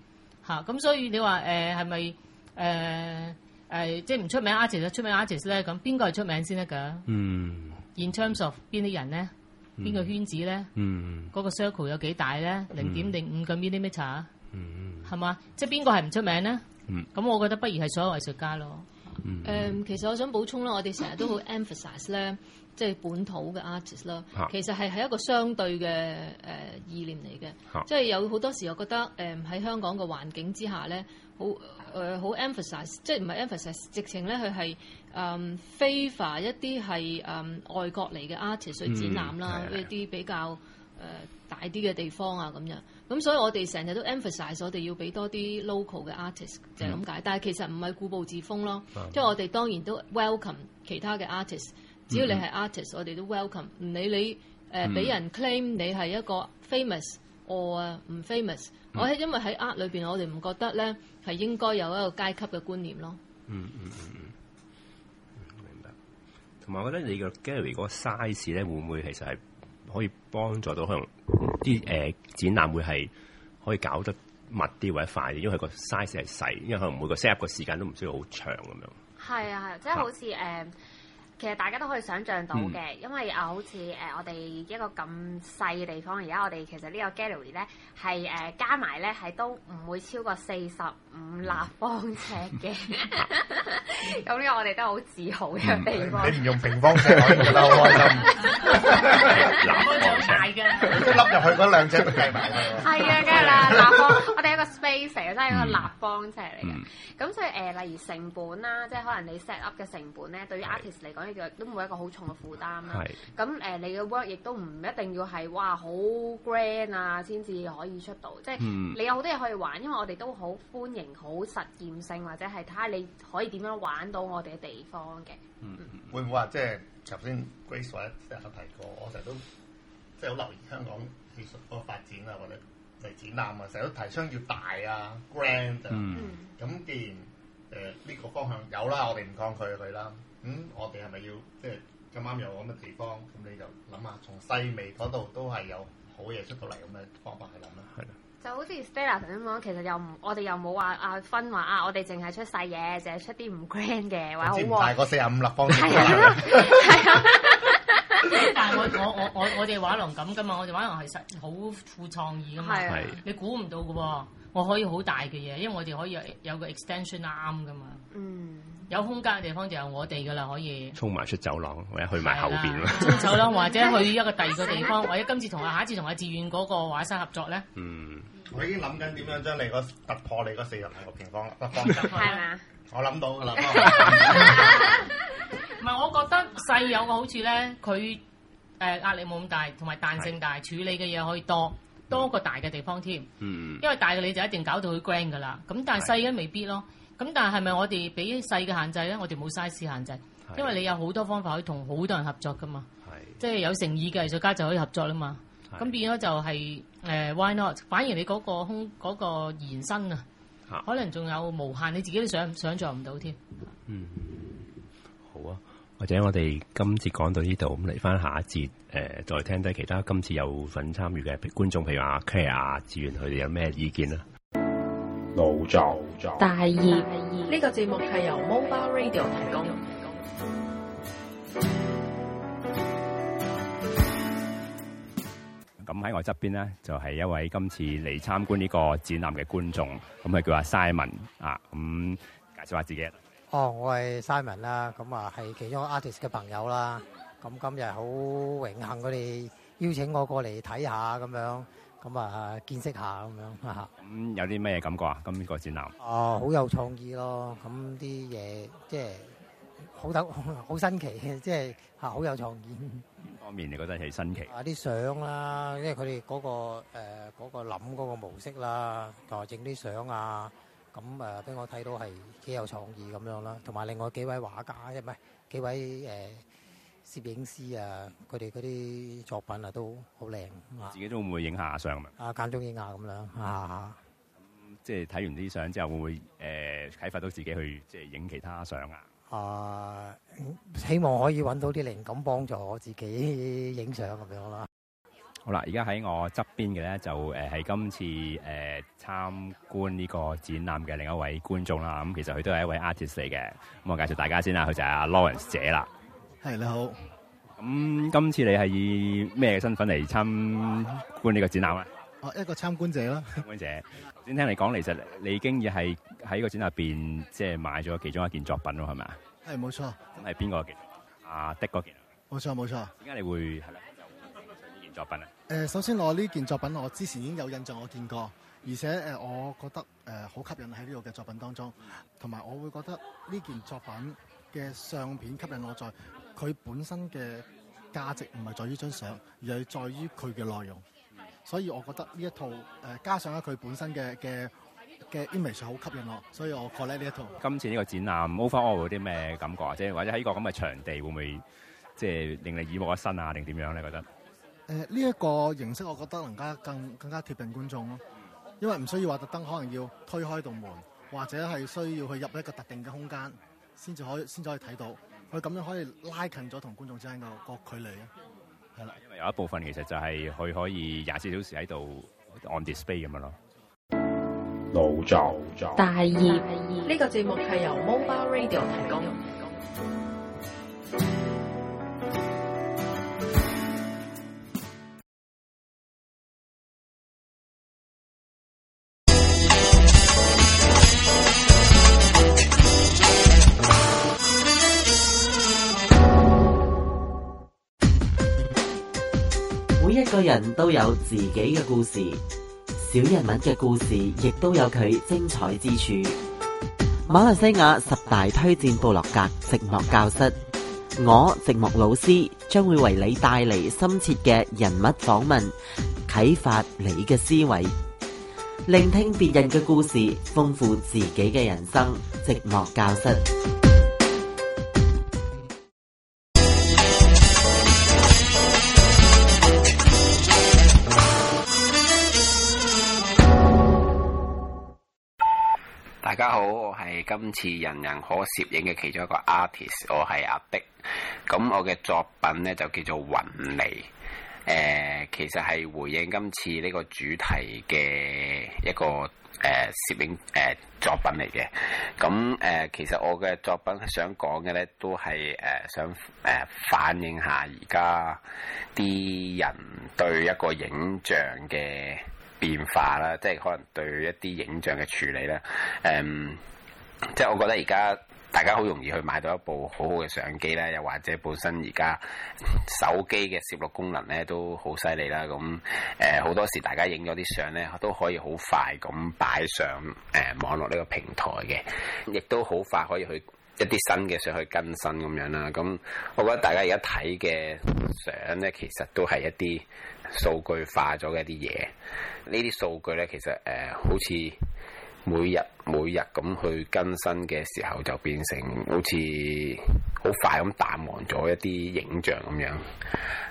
嚇，咁所以你話誒係咪誒誒即係唔出名 artist 出名 artist 咧？咁邊個係出名先得㗎？嗯，In terms of 邊啲人咧，邊個圈子咧？嗯，嗰個 circle 有幾大咧？零點零五個 millimeter 嗯，係嘛？即係邊個係唔出名咧？嗯，咁我覺得不如係所有藝術家咯。誒，um, uh, 其實我想補充啦，我哋成日都好 emphasize 咧，即係本土嘅 artist 啦。其實係係一個相對嘅誒、呃、意念嚟嘅，uh, 即係有好多時我覺得誒喺、呃、香港嘅環境之下咧，好誒好、呃、emphasize，即係唔係 emphasize，直情咧佢係誒 favor 一啲係誒外國嚟嘅 artist 去展覽啦，嗯、一啲比較誒、呃、大啲嘅地方啊咁樣。咁、嗯、所以我我 ists，我哋成日都 emphasize 我哋要俾多啲 local 嘅 artist 就係咁解，但係其實唔係固步自封咯，即係、嗯、我哋當然都 welcome 其他嘅 artist，只要你係 artist，、嗯、我哋都 welcome，唔理你誒俾、呃嗯、人 claim 你係一個 famous or 唔 famous，、嗯、我係因為喺 art 裏邊，我哋唔覺得咧係應該有一個階級嘅觀念咯。嗯嗯嗯嗯，嗯，嗯，明白。同埋，我覺得你嘅 gallery 嗰個 size 咧，會唔會其實係可以幫助到可能？啲誒、呃、展覽會係可以搞得密啲或者快啲，因為佢個 size 係細，因為可能每個 set 個時間都唔需要好長咁樣。係啊，係啊、啊，即係好似誒，其實大家都可以想象到嘅，嗯、因為啊，好似誒，我哋一個咁細嘅地方，而家我哋其實個呢個 gallery 咧係誒加埋咧係都唔會超過四十。唔立方尺嘅，咁呢個我哋都好自豪嘅地方。你唔用平方尺，我覺得好開心。打開好大嘅，一粒入去嗰兩隻都計埋啦。係啊，梗係啦，立方，我哋一個 space 啊，真係一個立方尺嚟嘅。咁所以誒，例如成本啦，即係可能你 set up 嘅成本咧，對於 artist 嚟講，亦都冇一個好重嘅負擔啦。咁誒，你嘅 work 亦都唔一定要係哇好 grand 啊，先至可以出到。即係你有好多嘢可以玩，因為我哋都好歡迎。好實驗性或者係睇下你可以點樣玩到我哋嘅地方嘅，嗯。嗯，會唔會話即係頭先 Grace 話即刻提過，我成日都即係好留意香港技術嗰個發展啊，或者嚟展覽啊，成日都提倡要大啊 grand 啊。嗯。咁既、嗯、然誒呢、呃呢個方向有啦，我哋唔抗拒佢啦。咁、嗯、我哋係咪要即係咁啱有咁嘅地方？咁你就諗下，從細微嗰度都係有好嘢出到嚟咁嘅方法去諗啦。係。就好似 Stella 咁樣，其實又唔，我哋又冇話啊分話啊，我哋淨係出細嘢，淨係出啲唔 grand 嘅，玩好大個四十五立方。係啊，但係我我我我我哋畫廊咁噶嘛，我哋畫廊係實好富創意噶嘛，你估唔到噶喎，我可以好大嘅嘢，因為我哋可以有個 extension arm 噶嘛，嗯，有空間嘅地方就有我哋噶啦，可以衝埋出走廊或者去埋後邊咯，走廊或者去一個第二個地方，或者今次同下一次同阿志遠嗰個畫室合作咧，嗯。我已經諗緊點樣將你個突破你嗰四十五個平方啦，北方係嘛？我諗到噶啦，唔係我覺得細有個好處咧，佢誒壓力冇咁大，同埋彈性大，是處理嘅嘢，可以多，多過大嘅地方添。嗯，因為大嘅你就一定搞到佢 grand 噶啦，咁但係細嘅未必咯。咁是但係係咪我哋俾細嘅限制咧？我哋冇 size 限制，是因為你有好多方法可以同好多人合作噶嘛，即係是是有誠意嘅藝術家就可以合作啦嘛。咁變咗就係、是、誒、呃，why not？反而你嗰個空嗰、那個、延伸啊，的可能仲有無限，你自己都想想像唔到添。嗯，好啊，或者我哋今次講到呢度，咁嚟翻下一節誒、呃，再聽睇其他今次有份參與嘅觀眾，譬如話阿 K 啊、志願佢哋有咩意見啊？腦作大業，呢個節目係由 Mobile Radio 提供。咁喺、嗯、我側邊咧，就係、是、一位今次嚟參觀呢個展覽嘅觀眾，咁、嗯、啊叫阿 Simon 啊，咁、嗯、介紹下自己。哦，我係 Simon 啦、啊，咁啊係其中 artist 嘅朋友啦，咁、啊嗯、今日好榮幸佢哋邀請我過嚟睇下咁樣，咁啊見識下咁樣嚇。咁、啊嗯、有啲咩感覺啊？咁、這、呢個展覽。哦、啊，好有創意咯！咁啲嘢即係好等好新奇嘅，即係嚇好有創意。啊 方面你覺得係新奇啊？啲相啦，因為佢哋嗰個誒嗰個諗嗰個模式啦，就整啲相啊，咁誒俾我睇到係幾有創意咁樣啦。同埋另外幾位畫家，即唔係幾位誒攝影師啊，佢哋嗰啲作品啊都好靚。自己都會唔會影下相啊？啊，間中影下咁樣啊！即係睇完啲相之後，會唔會誒啟發到自己去即係影其他相啊？啊！Uh, 希望可以揾到啲靈感幫助我自己影相咁樣啦。好啦，而家喺我側邊嘅咧就誒喺、呃、今次誒、呃、參觀呢個展覽嘅另一位觀眾啦。咁、嗯、其實佢都係一位 artist 嚟嘅。咁、嗯、我介紹大家先啦，佢就係阿 Lawrence 姐啦。係、hey, 你好。咁、嗯、今次你係以咩身份嚟參觀呢個展覽咧？哦、啊啊，一個參觀者咯。 參觀者。頭先聽你講，其實你已經係喺個展覽入邊即係買咗其中一件作品咯，係咪啊？係冇錯，咁係邊個嘅？阿的嗰件，冇錯冇錯。點解你會係咧？呢件作品咧？誒，首先我呢件作品，我之前已經有印象，我見過，而且誒，我覺得誒好吸引，喺呢度嘅作品當中，同埋我會覺得呢件作品嘅相片吸引我在，佢本身嘅價值唔係在於呢張相，而係在於佢嘅內容。所以我覺得呢一套誒，加上咗佢本身嘅嘅。嘅 image 好吸引我，所以我購咧呢一套。今次呢個展覽，overall 有啲咩感覺啊？即係或者喺個咁嘅場地，會唔會，即係令你耳目一新啊？定點樣咧？覺得、呃？誒，呢一個形式，我覺得能加更更加貼近觀眾咯。因為唔需要話特登，可能要推開道門，或者係需要去入一個特定嘅空間先至可以先至可以睇到。佢咁樣可以拉近咗同觀眾之間嘅、嗰個距離啊。係啦，因為有一部分其實就係佢可以廿四小時喺度 on display 咁樣咯。腦作大業，腦作大業，呢個節目係由 Mobile Radio 提供。每一個人都有自己嘅故事。小人物嘅故事亦都有佢精彩之處。馬來西亞十大推薦部落格《寂寞教室》，我，我寂寞老師將會為你帶嚟深切嘅人物訪問，啟發你嘅思維，聆聽別人嘅故事，豐富自己嘅人生。寂寞教室。係今次人人可攝影嘅其中一個 artist，我係阿碧，咁我嘅作品呢，就叫做雲泥，誒、呃，其實係回應今次呢個主題嘅一個誒攝、呃、影誒、呃、作品嚟嘅，咁誒、呃，其實我嘅作品想講嘅呢，都係誒、呃、想誒、呃、反映下而家啲人對一個影像嘅變化啦，即係可能對一啲影像嘅處理啦，誒、呃。即係我覺得而家大家好容易去買到一部好好嘅相機啦，又或者本身而家手機嘅攝錄功能咧都好犀利啦。咁誒好多時大家影咗啲相咧都可以好快咁擺上誒、呃、網絡呢個平台嘅，亦都好快可以去一啲新嘅相去更新咁樣啦。咁我覺得大家而家睇嘅相咧其實都係一啲數據化咗嘅一啲嘢，呢啲數據咧其實誒、呃、好似。每日每日咁去更新嘅時候，就變成好似好快咁淡忘咗一啲影像咁樣。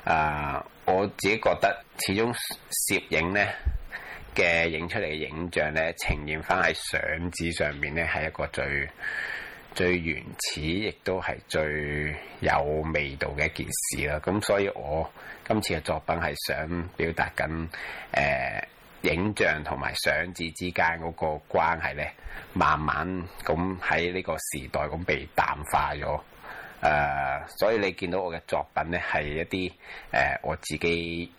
啊、uh，我自己覺得，始終攝影呢嘅影出嚟嘅影像呢，呈現翻喺相紙上面呢，係一個最最原始，亦都係最有味道嘅一件事啦。咁所以我今次嘅作品係想表達緊誒。呃影像同埋相紙之間嗰個關係咧，慢慢咁喺呢個時代咁被淡化咗。誒、呃，所以你見到我嘅作品咧，係一啲誒、呃、我自己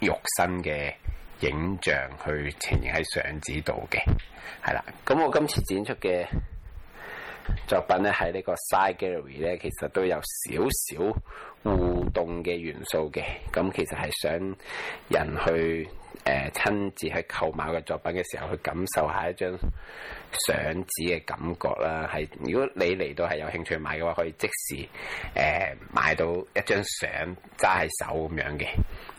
肉身嘅影像去呈現喺相紙度嘅。係啦，咁我今次展出嘅作品咧喺呢個 Side Gallery 咧，其實都有少少互動嘅元素嘅。咁其實係想人去。誒、呃、親自去購買嘅作品嘅時候，去感受一下一張相紙嘅感覺啦。係如果你嚟到係有興趣買嘅話，可以即時誒、呃、買到一張相揸喺手咁樣嘅。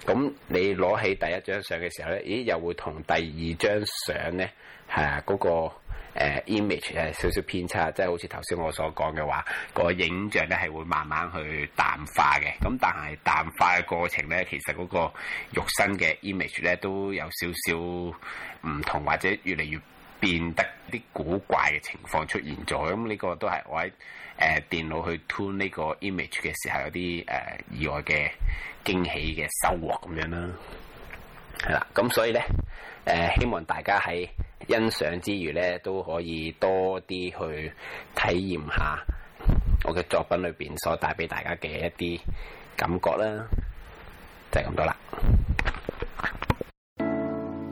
咁你攞起第一張相嘅時候咧，咦？又會同第二張相咧嚇嗰個。誒、呃、image 誒少少偏差，即係好似頭先我所講嘅話，個影像咧係會慢慢去淡化嘅。咁但係淡化嘅過程咧，其實嗰個肉身嘅 image 咧都有少少唔同，或者越嚟越變得啲古怪嘅情況出現咗。咁呢個都係我喺誒、呃、電腦去 tune 呢個 image 嘅時候有啲誒、呃、意外嘅驚喜嘅收穫咁樣啦。係啦，咁所以咧。誒、呃，希望大家喺欣賞之餘咧，都可以多啲去體驗下我嘅作品裏邊所帶俾大家嘅一啲感覺啦，就係咁多啦。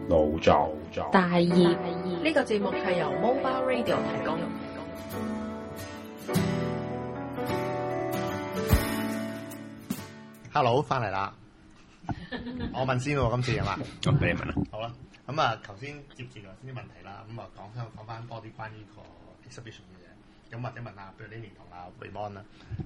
腦作大業。呢個節目係由 Mobile Radio 提供。Hello，翻嚟啦！ 我問先喎，今次係嘛？咁俾你問啦。好啦。咁、嗯 er er、啊，頭先接住頭先啲問題啦，咁啊講翻講翻多啲關於呢個 exhibition 嘅嘢。咁或者問下，譬如呢年同阿 Raymond 啊，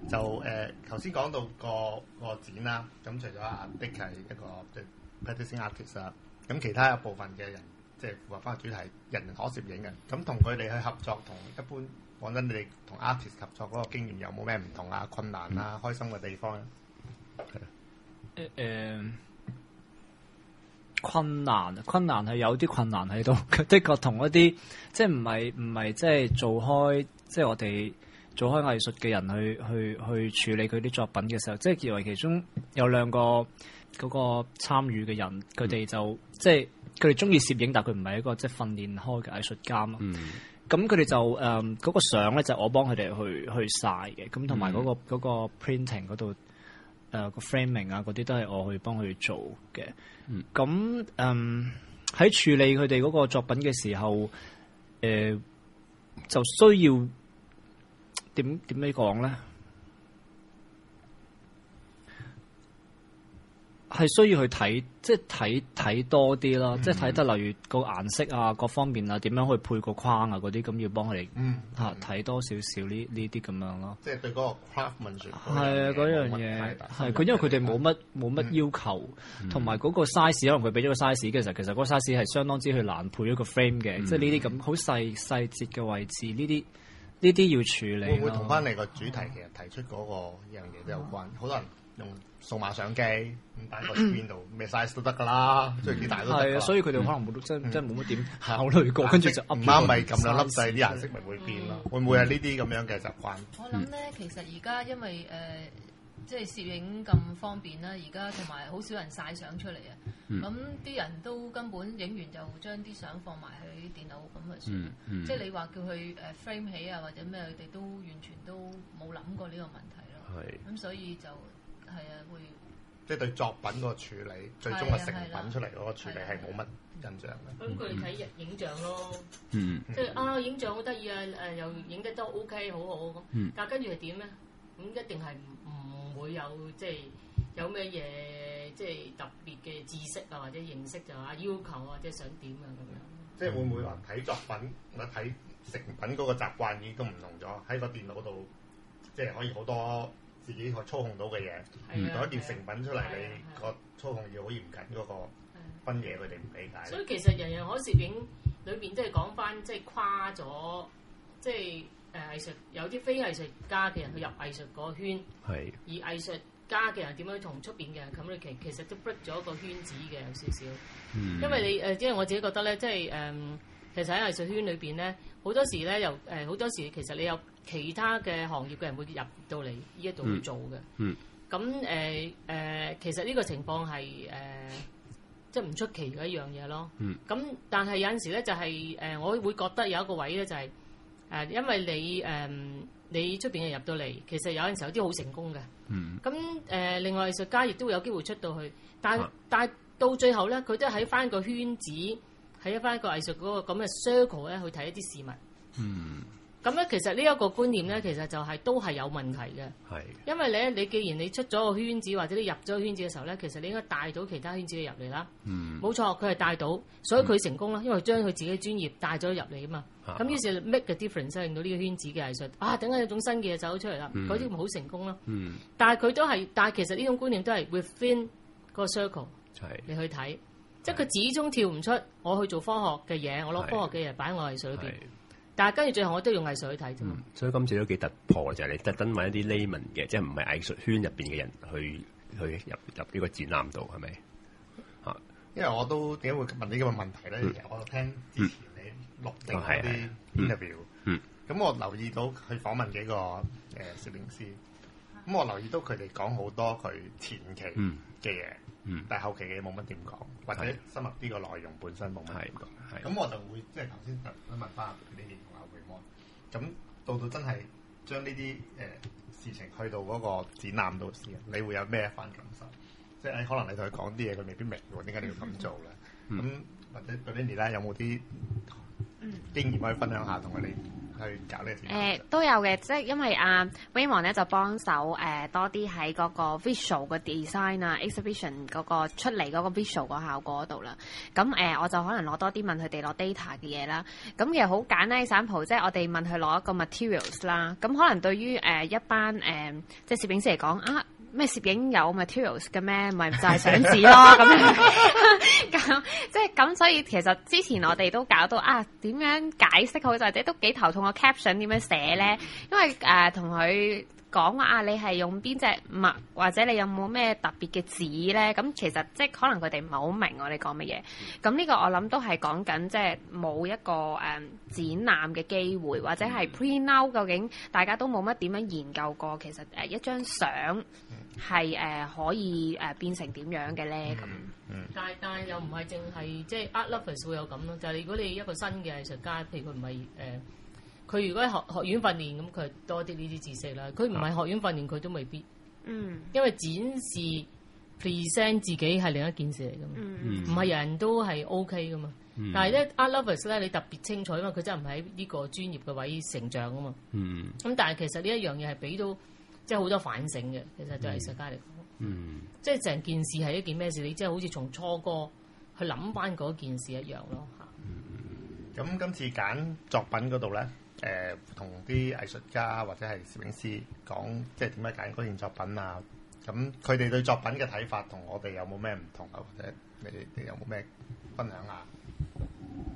就誒頭先講到個個展啦。咁除咗阿 Dick 係一個、即係、practicing artist，咁、啊啊、其他有部分嘅人即係符合翻個主題人人可攝影嘅。咁同佢哋去合作，同一般講真，你哋同 artist 合作嗰個經驗有冇咩唔同啊？困難啊？開心嘅地方啊？誒誒、嗯。嗯困難，困難係有啲困難喺度。佢的確同一啲，即係唔係唔係即係做開即係、就是、我哋做開藝術嘅人去去去處理佢啲作品嘅時候，即係以為其中有兩個個參與嘅人，佢哋就、嗯、即係佢哋中意攝影，但佢唔係一個即係訓練開嘅藝術家嘛。咁佢哋就誒、嗯、那個相咧，就係我幫佢哋去去晒嘅。咁同埋個、嗯、個 printing 度。誒個 framing 啊，嗰啲、啊、都係我去幫佢做嘅。咁誒喺處理佢哋個作品嘅時候，誒、呃、就需要點點樣講咧？係需要去睇，即係睇睇多啲咯，即係睇得例如個顏色啊，各方面啊，點樣去配個框啊，嗰啲咁要幫佢哋吓睇多少少呢呢啲咁樣咯。即係對嗰個 craftmanship 係啊，嗰樣嘢係佢，因為佢哋冇乜冇乜要求，同埋嗰個 size 可能佢俾咗個 size 嘅時候，其實嗰個 size 係相當之去難配一個 frame 嘅，即係呢啲咁好細細節嘅位置，呢啲呢啲要處理。會唔會同翻你個主題其實提出嗰個一樣嘢都有關？好多人。用數碼相機，咁大概邊度咩 size 都得噶啦，即係幾大都得。係啊，所以佢哋可能冇真真冇乜點考慮過，跟住就唔啱，咪撳兩粒細啲顏色咪會變咯。會唔會係呢啲咁樣嘅習慣？我諗咧，其實而家因為誒，即係攝影咁方便啦，而家同埋好少人晒相出嚟啊。咁啲人都根本影完就將啲相放埋喺電腦咁啊算。即係你話叫佢誒 frame 起啊，或者咩，佢哋都完全都冇諗過呢個問題咯。係咁，所以就。係啊，會即係對作品嗰個處理，最終個成品出嚟嗰個處理係冇乜印象嘅。咁具體影像咯，嗯嗯、即係啊影像好得意啊，誒、呃、又影得都 OK，好好咁。但係跟住係點咧？咁、嗯嗯嗯、一定係唔會有即係有咩嘢即係特別嘅知識啊，或者認識就啊要求啊，或者想點啊咁樣。樣即係會唔會話睇作品同睇成品嗰個習慣已經都唔同咗？喺個電腦度即係可以好多。自己可操控到嘅嘢，做、嗯、一件成品出嚟，啊啊、你個操控要好嚴謹，嗰個分野佢哋唔理解。所以其實人人可攝影裏邊，即係講返，即係跨咗，即係誒藝術有啲非藝術家嘅人去入藝術個圈，係、嗯。而藝術家嘅人點樣同出邊嘅人 communicate 其實都 break 咗一個圈子嘅有少少。嗯、因為你誒、呃，因為我自己覺得咧，即係誒、呃，其實喺藝術圈裏邊咧，好多時咧，由誒好多時其實你有。其他嘅行業嘅人會入到嚟呢一度去做嘅，咁誒誒，其實呢個情況係誒、呃、即係唔出奇嘅一樣嘢咯。咁、嗯、但係有陣時咧、就是，就係誒，我會覺得有一個位咧、就是，就係誒，因為你誒、呃、你出邊嘅入到嚟，其實有陣時有啲好成功嘅。咁誒、嗯呃，另外藝術家亦都會有機會出到去，但但係到最後咧，佢都喺翻個圈子，喺翻一個藝術嗰個咁嘅 circle 咧，去睇一啲事物。嗯。咁咧，其實呢一個觀念咧，其實就係都係有問題嘅。係。因為咧，你既然你出咗個圈子，或者你入咗個圈子嘅時候咧，其實你應該帶到其他圈子嘅入嚟啦。冇錯，佢係帶到，所以佢成功啦。因為將佢自己嘅專業帶咗入嚟啊嘛。咁於是 make a difference，令到呢個圈子嘅藝術啊，點解有種新嘅嘢走咗出嚟啦？嗰啲咪好成功咯。但係佢都係，但係其實呢種觀念都係 within 個 circle 你去睇，即係佢始終跳唔出我去做科學嘅嘢，我攞科學嘅嘢擺喺我藝術裏邊。但係跟住最後我都用藝術去睇啫。嗯，所以今次都幾突破，就係，是，你特登揾一啲 layman 嘅，即係唔係藝術圈入邊嘅人去去入入呢個展覽度，係咪？啊，因為我都點解會問呢個問題咧？嗯、其實我就聽之前你錄定嗰啲 interview，嗯，咁、嗯嗯、我留意到佢訪問幾個誒攝影師，咁我留意到佢哋講好多佢前期。嗯嘅嘢，嗯，但係後期嘅嘢冇乜點講，或者深入啲個內容本身冇乜點講，係是，咁是我就會即係頭先想問翻你哋同埋回望，咁到到真係將呢啲誒事情去到嗰個展覽度先，你會有咩一番感受？即係、嗯就是哎、可能你同佢講啲嘢，佢未必明㗎，點解你要咁做咧？咁、嗯、或者 Brittany 啦，有冇啲經驗可以分享下同佢哋？誒都有嘅、啊呃呃呃嗯，即係因為阿 Waymond 咧就幫手誒多啲喺嗰個 visual 嘅 design 啊，exhibition 嗰個出嚟嗰個 visual 個效果嗰度啦。咁誒我就可能攞多啲問佢哋攞 data 嘅嘢啦。咁其實好簡單 sample，即係我哋問佢攞一個 materials 啦。咁、嗯嗯嗯嗯、可能對於誒、呃、一班誒、嗯、即攝影師嚟講啊。咩攝影有 materials 嘅咩，咪就係相紙咯咁 這樣，咁即係咁，所以其實之前我哋都搞到啊，點樣解釋好，或者都幾頭痛個 caption 點樣寫咧？因為誒同佢。呃講話啊！你係用邊隻物，或者你有冇咩特別嘅紙咧？咁其實即係可能佢哋唔係好明我哋講乜嘢。咁呢、嗯嗯、個我諗都係講緊即係冇一個誒、呃、展覽嘅機會，或者係 prenow 究竟大家都冇乜點樣研究過，其實誒、呃、一張相係誒可以誒、呃、變成點樣嘅咧咁。但但又唔係淨係即係 art lovers 會有咁咯，就係、是、如果你一個新嘅藝術家，譬如佢唔係誒。呃佢如果喺學學院訓練，咁佢多啲呢啲知識啦。佢唔係學院訓練，佢都未必。嗯。因為展示 present 自己係另一件事嚟噶嘛，唔係、嗯、人人都係 OK 噶嘛。嗯、但係咧 Art lovers 咧，你特別清楚啊嘛。佢真係唔喺呢個專業嘅位成長啊嘛。嗯。咁但係其實呢一樣嘢係俾到即係好多反省嘅，其實對藝術家嚟講。嗯。即係成件事係一件咩事？你即係好似從初哥去諗翻嗰件事一樣咯嚇。咁今、嗯、次揀作品嗰度咧？誒，同啲、呃、藝術家或者係攝影師講，即係點解揀嗰件作品啊？咁佢哋對作品嘅睇法同我哋有冇咩唔同啊？或者你哋有冇咩分享啊？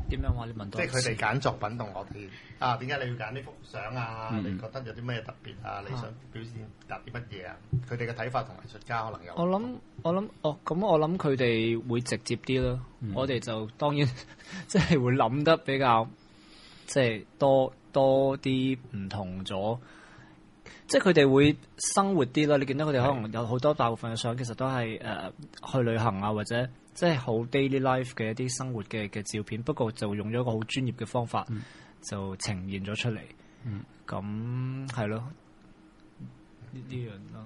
點樣話你問到？即係佢哋揀作品同我哋啊？點解你要揀呢幅相啊？嗯、你覺得有啲咩特別啊？你想表達啲乜嘢啊？佢哋嘅睇法同藝術家可能有我。我諗我諗哦，咁我諗佢哋會直接啲咯。嗯、我哋就當然即係會諗得比較。即係多多啲唔同咗，即係佢哋會生活啲咯。嗯、你見到佢哋可能有好多大部分嘅相，其實都係誒、uh，去旅行啊，或者即係好 daily life 嘅一啲生活嘅嘅照片。不過就用咗一個好專業嘅方法，就呈現咗出嚟。嗯，咁係咯，呢啲、嗯、的樣咯。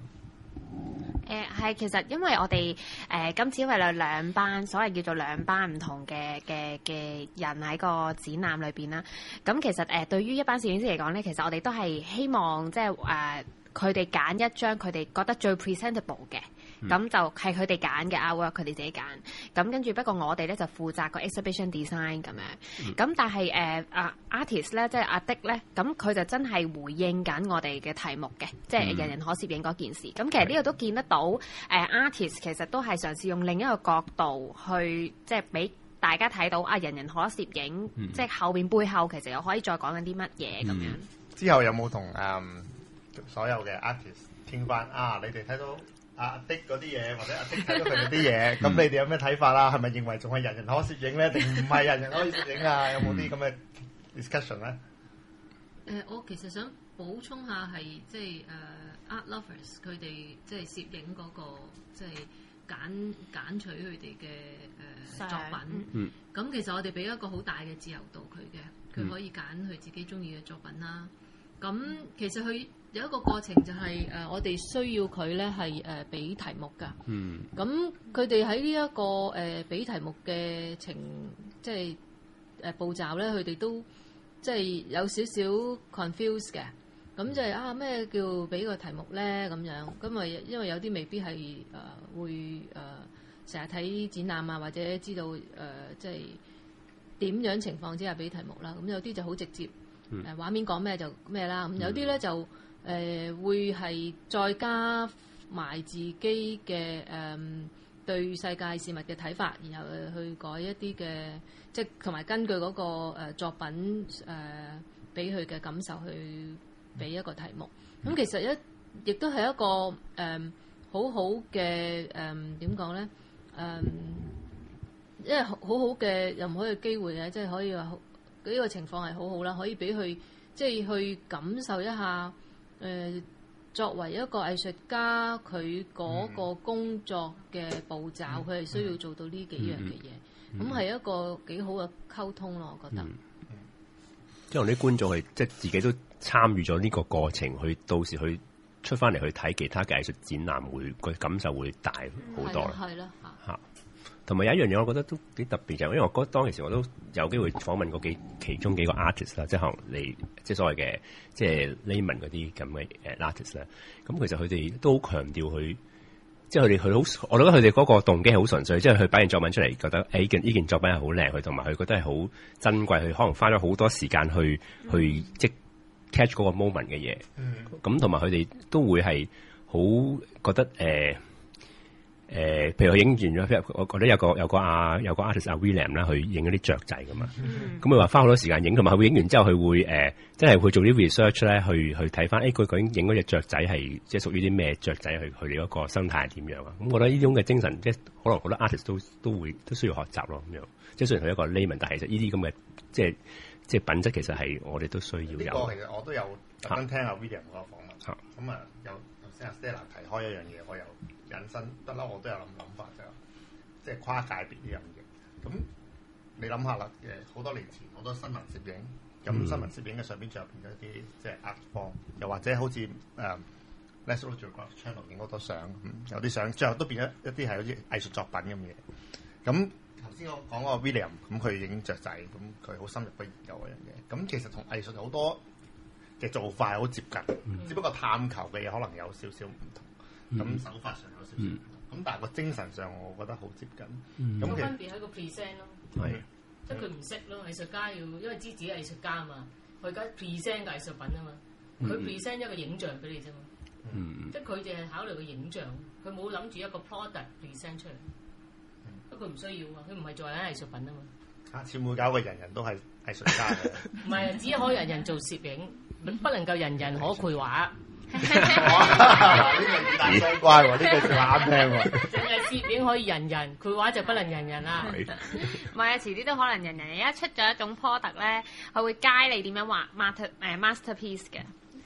誒，係、呃、其實因為我哋誒、呃、今次為咗兩班所謂叫做兩班唔同嘅嘅嘅人喺個展覽裏邊啦。咁、嗯、其實誒、呃、對於一班攝影師嚟講咧，其實我哋都係希望即係誒佢哋揀一張佢哋覺得最 presentable 嘅。咁、嗯、就係佢哋揀嘅 artwork 佢哋自己揀。咁跟住，不過我哋咧就負責個 exhibition design 咁樣。咁、嗯、但係誒啊 artist 咧，即係阿迪咧，咁佢就真係回應緊我哋嘅題目嘅，嗯、即係人人可攝影嗰件事。咁、嗯、其實呢個都見得到誒、uh, artist 其實都係嘗試用另一個角度去即係俾大家睇到啊，人人可攝影，即係、嗯、後面背後其實又可以再講緊啲乜嘢咁。嗯、樣之後有冇同誒所有嘅 artist 傾翻啊？你哋睇到？阿的嗰啲嘢，或者阿、啊、的睇到佢哋啲嘢，咁 你哋有咩睇法啊？係咪認為仲係人人可以攝影咧，定唔係人人可以攝影啊？ 有冇啲咁嘅 discussion 咧？誒、呃，我其實想補充下，係即係誒 Art Lovers 佢哋即係、就是、攝影嗰、那個，即係揀揀取佢哋嘅誒作品。嗯。咁其實我哋俾一個好大嘅自由度佢嘅，佢可以揀佢自己中意嘅作品啦。嗯嗯。咁其實佢有一個過程，就係誒我哋需要佢咧係誒俾題目噶。嗯。咁佢哋喺呢一個誒俾題目嘅情，即係誒步驟咧，佢哋都即係有少少 confused 嘅。咁即係啊咩叫俾個題目咧？咁樣咁咪因為有啲未必係誒會誒成日睇展覽啊，或者知道誒即係點樣情況之下俾題目啦。咁有啲就好直接。誒畫面講咩就咩啦，咁有啲咧就誒會係再加埋自己嘅誒對世界事物嘅睇法，然後去改一啲嘅即係同埋根據嗰個誒作品誒俾佢嘅感受去俾一個題目。咁其實一亦都係一個誒好好嘅誒點講咧誒，因為好好嘅又唔可以機會嘅，即係可以話。呢個情況係好好啦，可以俾佢即係去感受一下，誒、呃、作為一個藝術家，佢嗰個工作嘅步驟，佢係、嗯、需要做到呢幾樣嘅嘢，咁係、嗯、一個幾好嘅溝通咯，我覺得、嗯。嗯、因為啲觀眾係即係自己都參與咗呢個過程，去到時去出翻嚟去睇其他嘅藝術展覽，會個感受會大好多。係啦、嗯，嚇。同埋有一樣嘢，我覺得都幾特別，就因為我覺得當其時，我都有機會訪問過幾其中幾個 artist 啦，即可能你，即係所謂嘅即係 layman 嗰啲咁嘅誒 artist 啦。咁、嗯、其實佢哋都好強調佢，即係佢哋佢好，我覺得佢哋嗰個動機係好純粹，即係佢擺件作品出嚟，覺得誒件呢件作品係好靚，佢同埋佢覺得係好珍貴，佢可能花咗好多時間去去即 catch 嗰個 moment 嘅嘢。咁同埋佢哋都會係好覺得誒。呃誒、呃，譬如佢影完咗，我覺得有個有個阿、啊、有個 artist 阿、啊、William 啦，去影嗰啲雀仔噶嘛。咁佢話花好多時間影，同埋佢影完之後，佢會誒，真係會做啲 research 咧，去去睇翻，誒佢究竟影嗰隻雀仔係即係屬於啲咩雀仔，去佢哋嗰個生態係點樣啊？咁我覺得呢種嘅精神，即係可能好多 artist 都都會都需要學習咯，咁樣。即係雖然佢一個 layman 但係其實呢啲咁嘅即係即係品質，其實係我哋都需要有。我都有特登聽阿 William 嗰個訪問。咁啊，有又先 Stella 提開一樣嘢，我又、啊。啊啊引申得啦，我都有諗諗法就係，即係跨界別啲嘢。咁。你諗下啦，誒好多年前好多新聞攝影咁，嗯、新聞攝影嘅上邊最後變咗一啲即係 art form，又或者好似誒 National Geographic Channel 影好多相，有啲相最後都變咗一啲係好似藝術作品咁嘅。咁頭先我講個 William 咁，佢影雀仔，咁佢好深入嘅研究嗰樣嘢。咁其實同藝術有好多嘅做法好接近，嗯、只不過探求嘅嘢可能有少少唔同。咁、嗯、手法上有少少，咁、嗯、但係個精神上，我覺得好接近。咁、嗯、分別喺個 present 咯是，係、嗯，即係佢唔識咯。藝術家要因為知自己係藝術家啊嘛，佢而家 present 藝術品啊嘛，佢 present 一個影像俾你啫嘛，嗯、即係佢哋係考慮個影像，佢冇諗住一個 product present 出嚟，嗯、不過佢唔需要啊，佢唔係做緊藝術品啊嘛。下次會搞個人人都係藝術家嘅， 唔係只可以人人做攝影，不能夠人人可繪畫。哇！啲名大聲乖喎，呢句最啱聽喎。正係攝影可以人人，佢話就不能人人啦。唔係啊，遲啲都可能人人。而家出咗一種 product 咧，佢會教你點樣畫 master 誒 masterpiece 嘅。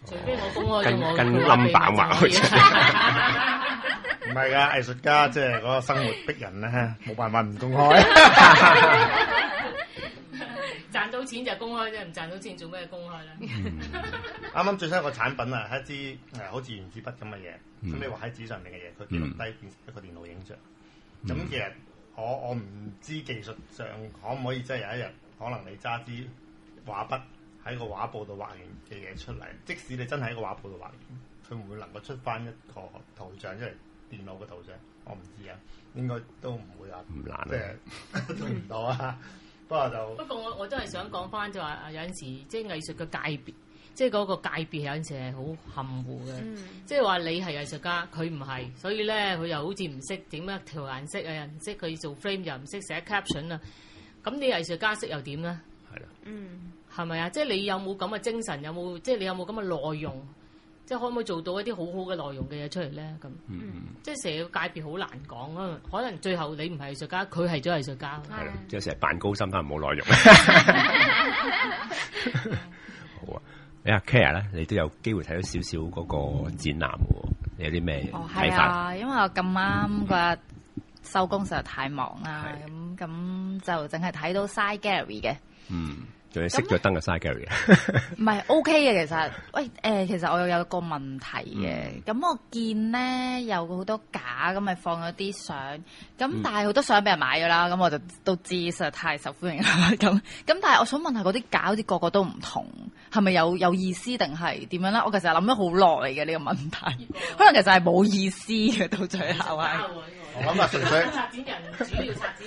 除非我幫我哋冇。跟跟冧版畫去。唔係㗎，藝術家即係嗰個生活逼人咧，冇辦法唔公開。賺到錢就公開啫，唔賺到錢做咩公開啦？啱 啱最新一個產品啊，係一支誒、呃、好似原子筆咁嘅嘢，咁你畫喺紙上面嘅嘢，佢記低變成一個電腦影像。咁其實我我唔知技術上可唔可以即係有一日，可能你揸支畫筆喺個畫布度畫完嘅嘢出嚟，即使你真係喺個畫布度畫完，佢唔會能夠出翻一個圖像，即係電腦嘅圖像？我唔知啊，應該都唔會話、啊、唔難啊，即係做唔到啊。不過就，不過我我都係想講翻就話，有陣時即係藝術嘅界別，即係嗰個界別有陣時係好含糊嘅。即係話你係藝術家，佢唔係，嗯、所以咧佢又好似唔識點樣調顏色啊，唔識佢做 frame 又唔識寫 caption 啊。咁你藝術家識又點咧？係啦。嗯，係咪啊？即係你有冇咁嘅精神？有冇即係你有冇咁嘅內容？即係可唔可以做到一啲好好嘅內容嘅嘢出嚟咧？咁，嗯、即係成個界別好難講啊！可能最後你唔係藝術家，佢係咗藝術家。係的，嗯、即係成日扮高深，但係冇內容。 好啊，你阿 Care 咧，aya，你都有機會睇到少少嗰個展覽，你有啲咩嘢？係、哦、啊，因為我咁啱嗰日收工實在太忙啦，咁咁就淨係睇到 Side Gallery 嘅。嗯。就熄咗燈就嘥計嘅，唔係 OK 嘅其實。喂，誒、呃，其實我又有個問題嘅。咁、嗯、我見咧有好多假，咁咪放咗啲相。咁、嗯、但係好多相俾人買咗啦，咁、嗯、我就都知實在太受歡迎啦。咁 咁，但係我想問下嗰啲假好似個個都唔同，係咪有有意思定係點樣咧？我其實諗咗好耐嘅呢個問題，這個、可能其實係冇意思嘅到最後係。我諗啊策展人，主要策展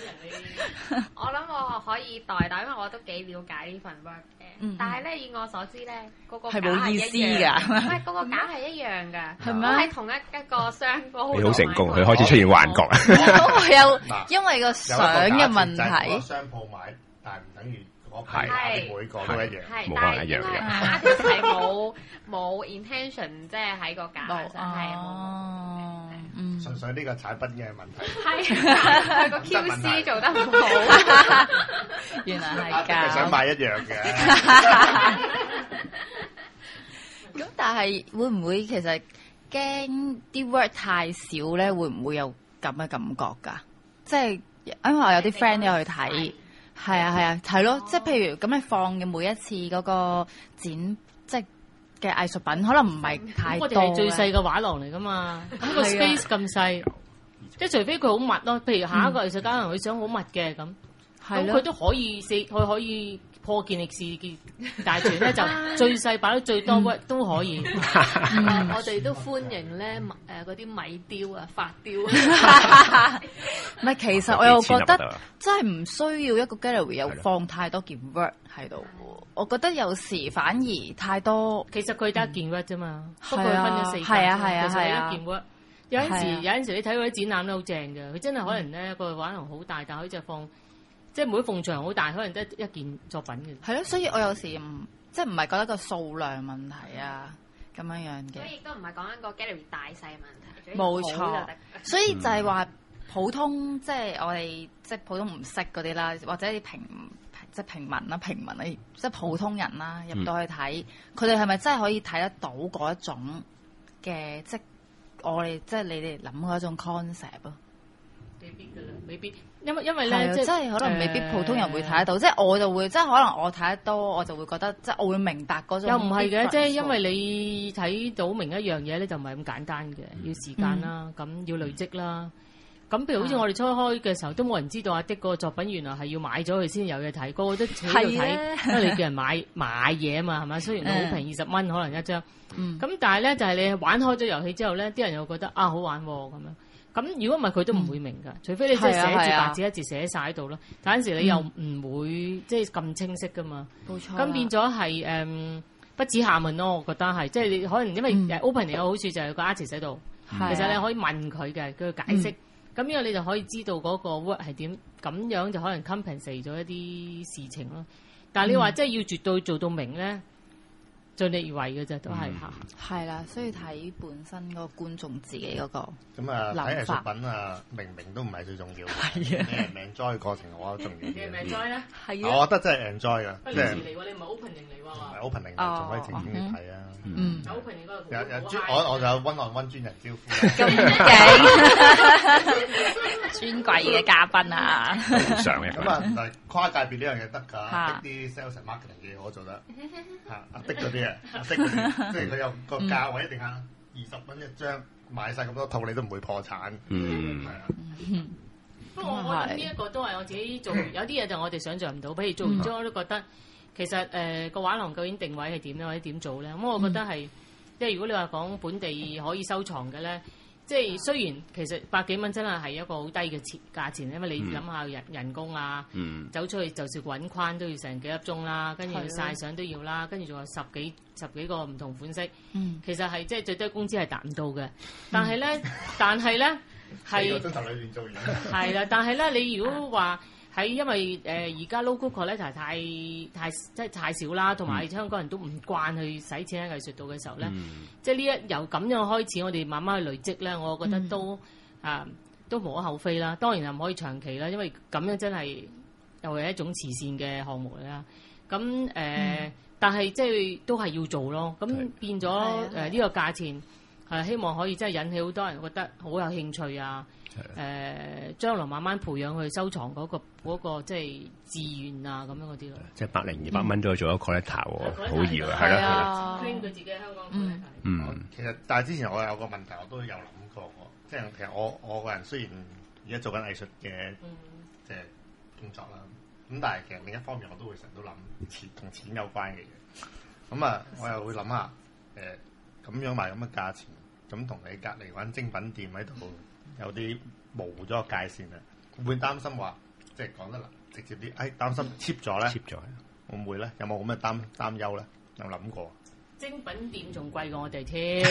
人，我諗 我可以代答，因為我都幾了解。嘅，嗯、但係咧，以我所知咧，個個係冇意思噶，唔係個個價係一樣噶，係咪、嗯？喺同一一個商鋪你好成功，佢、嗯、開始出現幻覺啊、哦！有、嗯、因為個相嘅問題，商鋪買，但係唔等於。係，每個都一樣，冇得一樣嘅。係冇冇 intention，即係喺個架上係。純粹呢個產品嘅問題。係個 QC 做得好，原來係㗎。想買一樣嘅。咁但係會唔會其實驚啲 word 太少咧？會唔會有咁嘅感覺㗎？即係因為我有啲 friend 咧去睇。係啊係啊係咯，oh. 即係譬如咁你放嘅每一次嗰個展即係嘅藝術品，可能唔係太多。我哋係最細嘅畫廊嚟噶嘛，咁 個 space 咁細，啊，即係除非佢好密咯，啊。譬如下一個藝術家人能佢想好密嘅咁，咁佢、啊，都可以四佢可以。可以破健力士大全咧，就最細擺到最多 work 都可以。我哋都歡迎咧，誒嗰啲米雕啊、法雕啊。唔係，其實我又覺得真係唔需要一個 gallery 有放太多件 work 喺度。我覺得有時反而太多。其實佢得一件 work 啫嘛，不過分咗四格。係啊係啊係啊！有陣時有陣時你睇嗰啲展覽都好正㗎，佢真係可能咧個畫廊好大，但佢就放。即係每逢場好大，可能都係一件作品嘅。係咯，所以我有時唔即係唔係覺得個數量問題啊咁樣樣嘅。所以亦都唔係講緊個 gallery 大細問題。冇錯，冇錯，所以就係話普通，即係我哋即係普通唔識嗰啲啦，嗯、或者啲平，平即係平民啦、平民即係普通人啦，入到去睇，佢哋係咪真係可以睇得到嗰一種嘅，即係我哋即係你哋諗嗰種 concept 咯。未必噶啦，未必。因因為咧，即係可能未必普通人會睇得到。即係我就會，即係可能我睇得多，我就會覺得，即係我會明白嗰種。又唔係嘅，即係因為你睇到明一樣嘢咧，就唔係咁簡單嘅，要時間啦，咁要累積啦。咁譬如好似我哋初開嘅時候，都冇人知道阿迪個作品原來係要買咗佢先有嘢睇，嗰個都睇，因為你叫人買買嘢啊嘛，係咪？雖然好平二十蚊可能一張，咁但係咧就係你玩開咗遊戲之後咧，啲人又覺得啊好玩咁樣。咁如果唔係佢都唔會明噶，嗯、除非你真係寫住白紙一字寫晒喺度啦。但嗰陣時你又唔會、嗯、即係咁清晰噶嘛。冇錯、啊。咁變咗係誒不恥下問咯，我覺得係。即係你可能因為 open 嚟嘅好處就係個 artist 寫到，嗯、其實你可以問佢嘅，佢個解釋。咁、嗯、因為你就可以知道嗰個 word 係點，咁樣就可能 compensate 咗一啲事情咯。但係你話即係要絕對做到明咧？嗯盡力而為嘅啫，都係嚇，係啦，所以睇本身嗰個觀眾自己嗰個咁啊，睇藝術品啊，明明都唔係最重要，係啊 enjoy 過程嘅話重要啲嘅 enjoy 咧，係啊，我覺得真係 enjoy 啊，即係嚟喎，你唔係 open 嚟喎，唔係 open 嚟喎，仲可以靜靜哋睇啊，嗯，有有專我我就 one on one 專人招呼，咁嘅尊貴嘅嘉賓啊，正常嘅，咁啊唔跨界別呢樣嘢得㗎，啲 sales marketing 嘅嘢我做得，嚇，逼咗啲 即係，佢有個價位一定係二十蚊一張，買晒咁多套你都唔會破產。嗯，係啊。不過我諗呢一個都係我自己做，有啲嘢就我哋想象唔到。譬如做唔做，我都覺得其實誒個畫廊究竟定位係點咧，或者點做咧？咁我覺得係，即係如果你話講本地可以收藏嘅咧。即係雖然其實百幾蚊真係係一個好低嘅錢價錢，嗯、因為你諗下人人工啊，嗯、走出去就算揾框都要成幾粒鐘啦，跟住晒相都要啦，跟住仲有十幾十幾個唔同款式，嗯、其實係即係最低工資係達唔到嘅。但係咧，但係咧係，係啦，但係咧你如果話。喺因為誒而家 collector 太太即係太少啦，同埋香港人都唔慣去使錢喺藝術度嘅時候咧，嗯、即係呢一由咁樣開始，我哋慢慢去累積咧，我覺得都、嗯、啊都無可厚非啦。當然係唔可以長期啦，因為咁樣真係又係一種慈善嘅項目嚟啦。咁、嗯、誒，嗯、但係即係都係要做咯。咁變咗誒呢個價錢。對呃係希望可以真係引起好多人覺得好有興趣啊！誒，將來慢慢培養佢收藏嗰個即係志願啊咁樣嗰啲咯。即係百零二百蚊都可以做一個 collector 好易啊。係啦係佢自己香港問題。嗯，其實但係之前我有個問題，我都有諗過喎。即係其實我我個人雖然而家做緊藝術嘅即係工作啦，咁但係其實另一方面我都會成日都諗錢同錢有關嘅嘢。咁啊，我又會諗下誒咁樣賣咁嘅價錢。咁同你隔離玩精品店喺度、哎，有啲模糊咗界線啊！會唔會擔心話，即係講得嗱直接啲？誒擔心 cheap 咗咧？cheap 咗，會唔會咧。有冇咁嘅擔擔憂咧？有諗過？精品店仲貴過我哋添。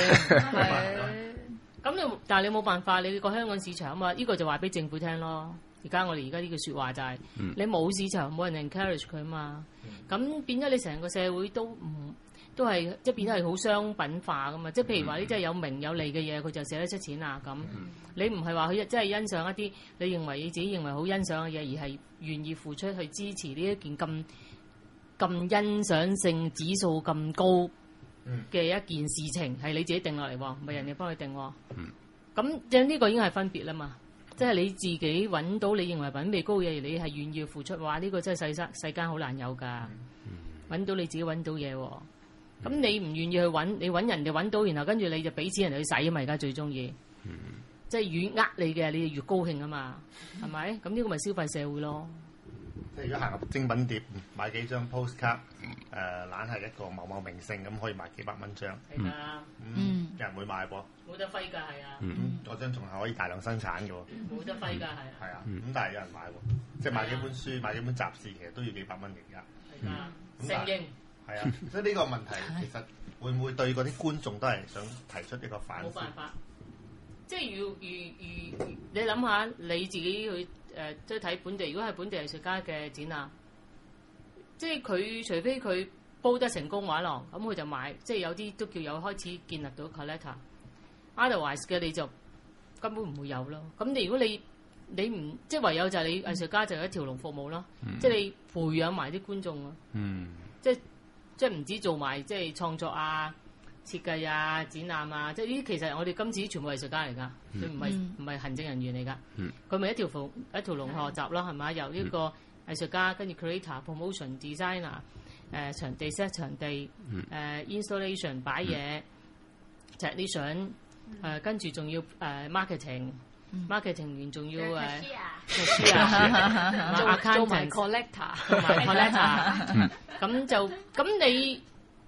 咁你但係你冇辦法，你個香港市場啊嘛？呢、呢個就話俾政府聽咯。而家我哋而家呢句説話就係、是，嗯、你冇市場，冇人 encourage 佢啊嘛。咁、嗯、變咗你成個社會都唔～都係即係變咗係好商品化噶嘛，即係譬如話你真係有名有利嘅嘢，佢就捨得出錢啊咁。你唔係話佢即係欣賞一啲你認為你自己認為好欣賞嘅嘢，而係願意付出去支持呢一件咁咁欣賞性指數咁高嘅一件事情，係你自己定落嚟喎，唔係人哋幫佢定喎。咁即係呢個已經係分別啦嘛，即係你自己揾到你認為品味高嘢，你係願意付出，哇！呢個真係世世間好難有噶，揾到你自己揾到嘢喎。咁你唔願意去揾，你揾人哋揾到，然後跟住你就俾錢人哋去使啊嘛！而家最中意，即係越呃你嘅，你就越高興啊嘛，係咪？咁呢個咪消費社會咯。即係如果行入精品店買幾張 postcard，誒，懶係一個某某明星咁，可以賣幾百蚊張。係啊。嗯。有人會買噃。冇得揮㗎，係啊。嗯。嗰張仲係可以大量生產嘅喎。冇得揮㗎，係。係啊。咁但係有人買喎，即係買幾本書、買幾本雜誌，其實都要幾百蚊嚟㗎。係啊。承認。係啊，所以呢個問題其實會唔會對嗰啲觀眾都係想提出呢個反思。冇辦法，即係如如如。你諗下你自己去誒，即係睇本地。如果係本地藝術家嘅展覽，即係佢除非佢煲得成功畫廊，咁、嗯、佢就買。即係有啲都叫有開始建立到 collector。Otherwise 嘅你就根本唔會有咯。咁你如果你你唔即係唯有就係你藝術家就有一條龍服務咯。嗯、即係你培養埋啲觀眾啊。嗯、即係。即係唔止做埋即係創作啊、設計啊、展覽啊，即係呢啲其實我哋今次全部藝術家嚟㗎，佢唔係唔係行政人員嚟㗎，佢咪、mm hmm. 一條龍一條龍學習咯，係咪、mm hmm.？由呢個藝術家跟住 creator、呃、promotion、designer，誒場地 set 場地，誒、mm hmm. 呃、installation 擺嘢，technician，誒跟住仲要誒、呃、marketing。market 成員仲要誒讀書啊，做 accountant collector 同埋 collector，咁就咁你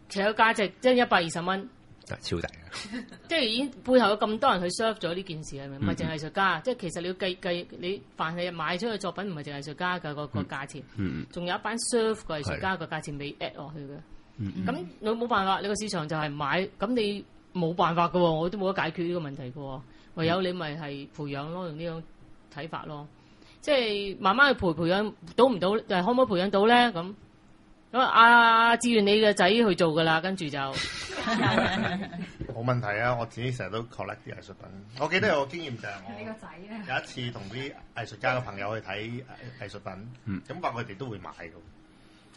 其實個價值即係一百二十蚊，就超抵啊。即係已經背後有咁多人去 serve 咗呢件事係咪？唔係淨藝術家，即係其實你要計計你凡係買出去作品，唔係淨藝術家嘅個個價錢，仲有一班 serve 嘅藝術家個價錢畀 at 落去嘅，嗯咁你冇辦法，你個市場就係買，咁你冇辦法嘅喎，我都冇得解決呢個問題嘅喎。唯有你咪係培養咯，用呢種睇法咯，即係慢慢去培培養，到唔到就係可唔可以培養到咧？咁咁啊，阿志遠，你嘅仔去做噶啦，跟住就冇 問題啊！我自己成日都 collect 啲藝術品，我記得有個經驗就係，你個仔咧，有一次同啲藝術家嘅朋友去睇藝術品，咁話佢哋都會買嘅，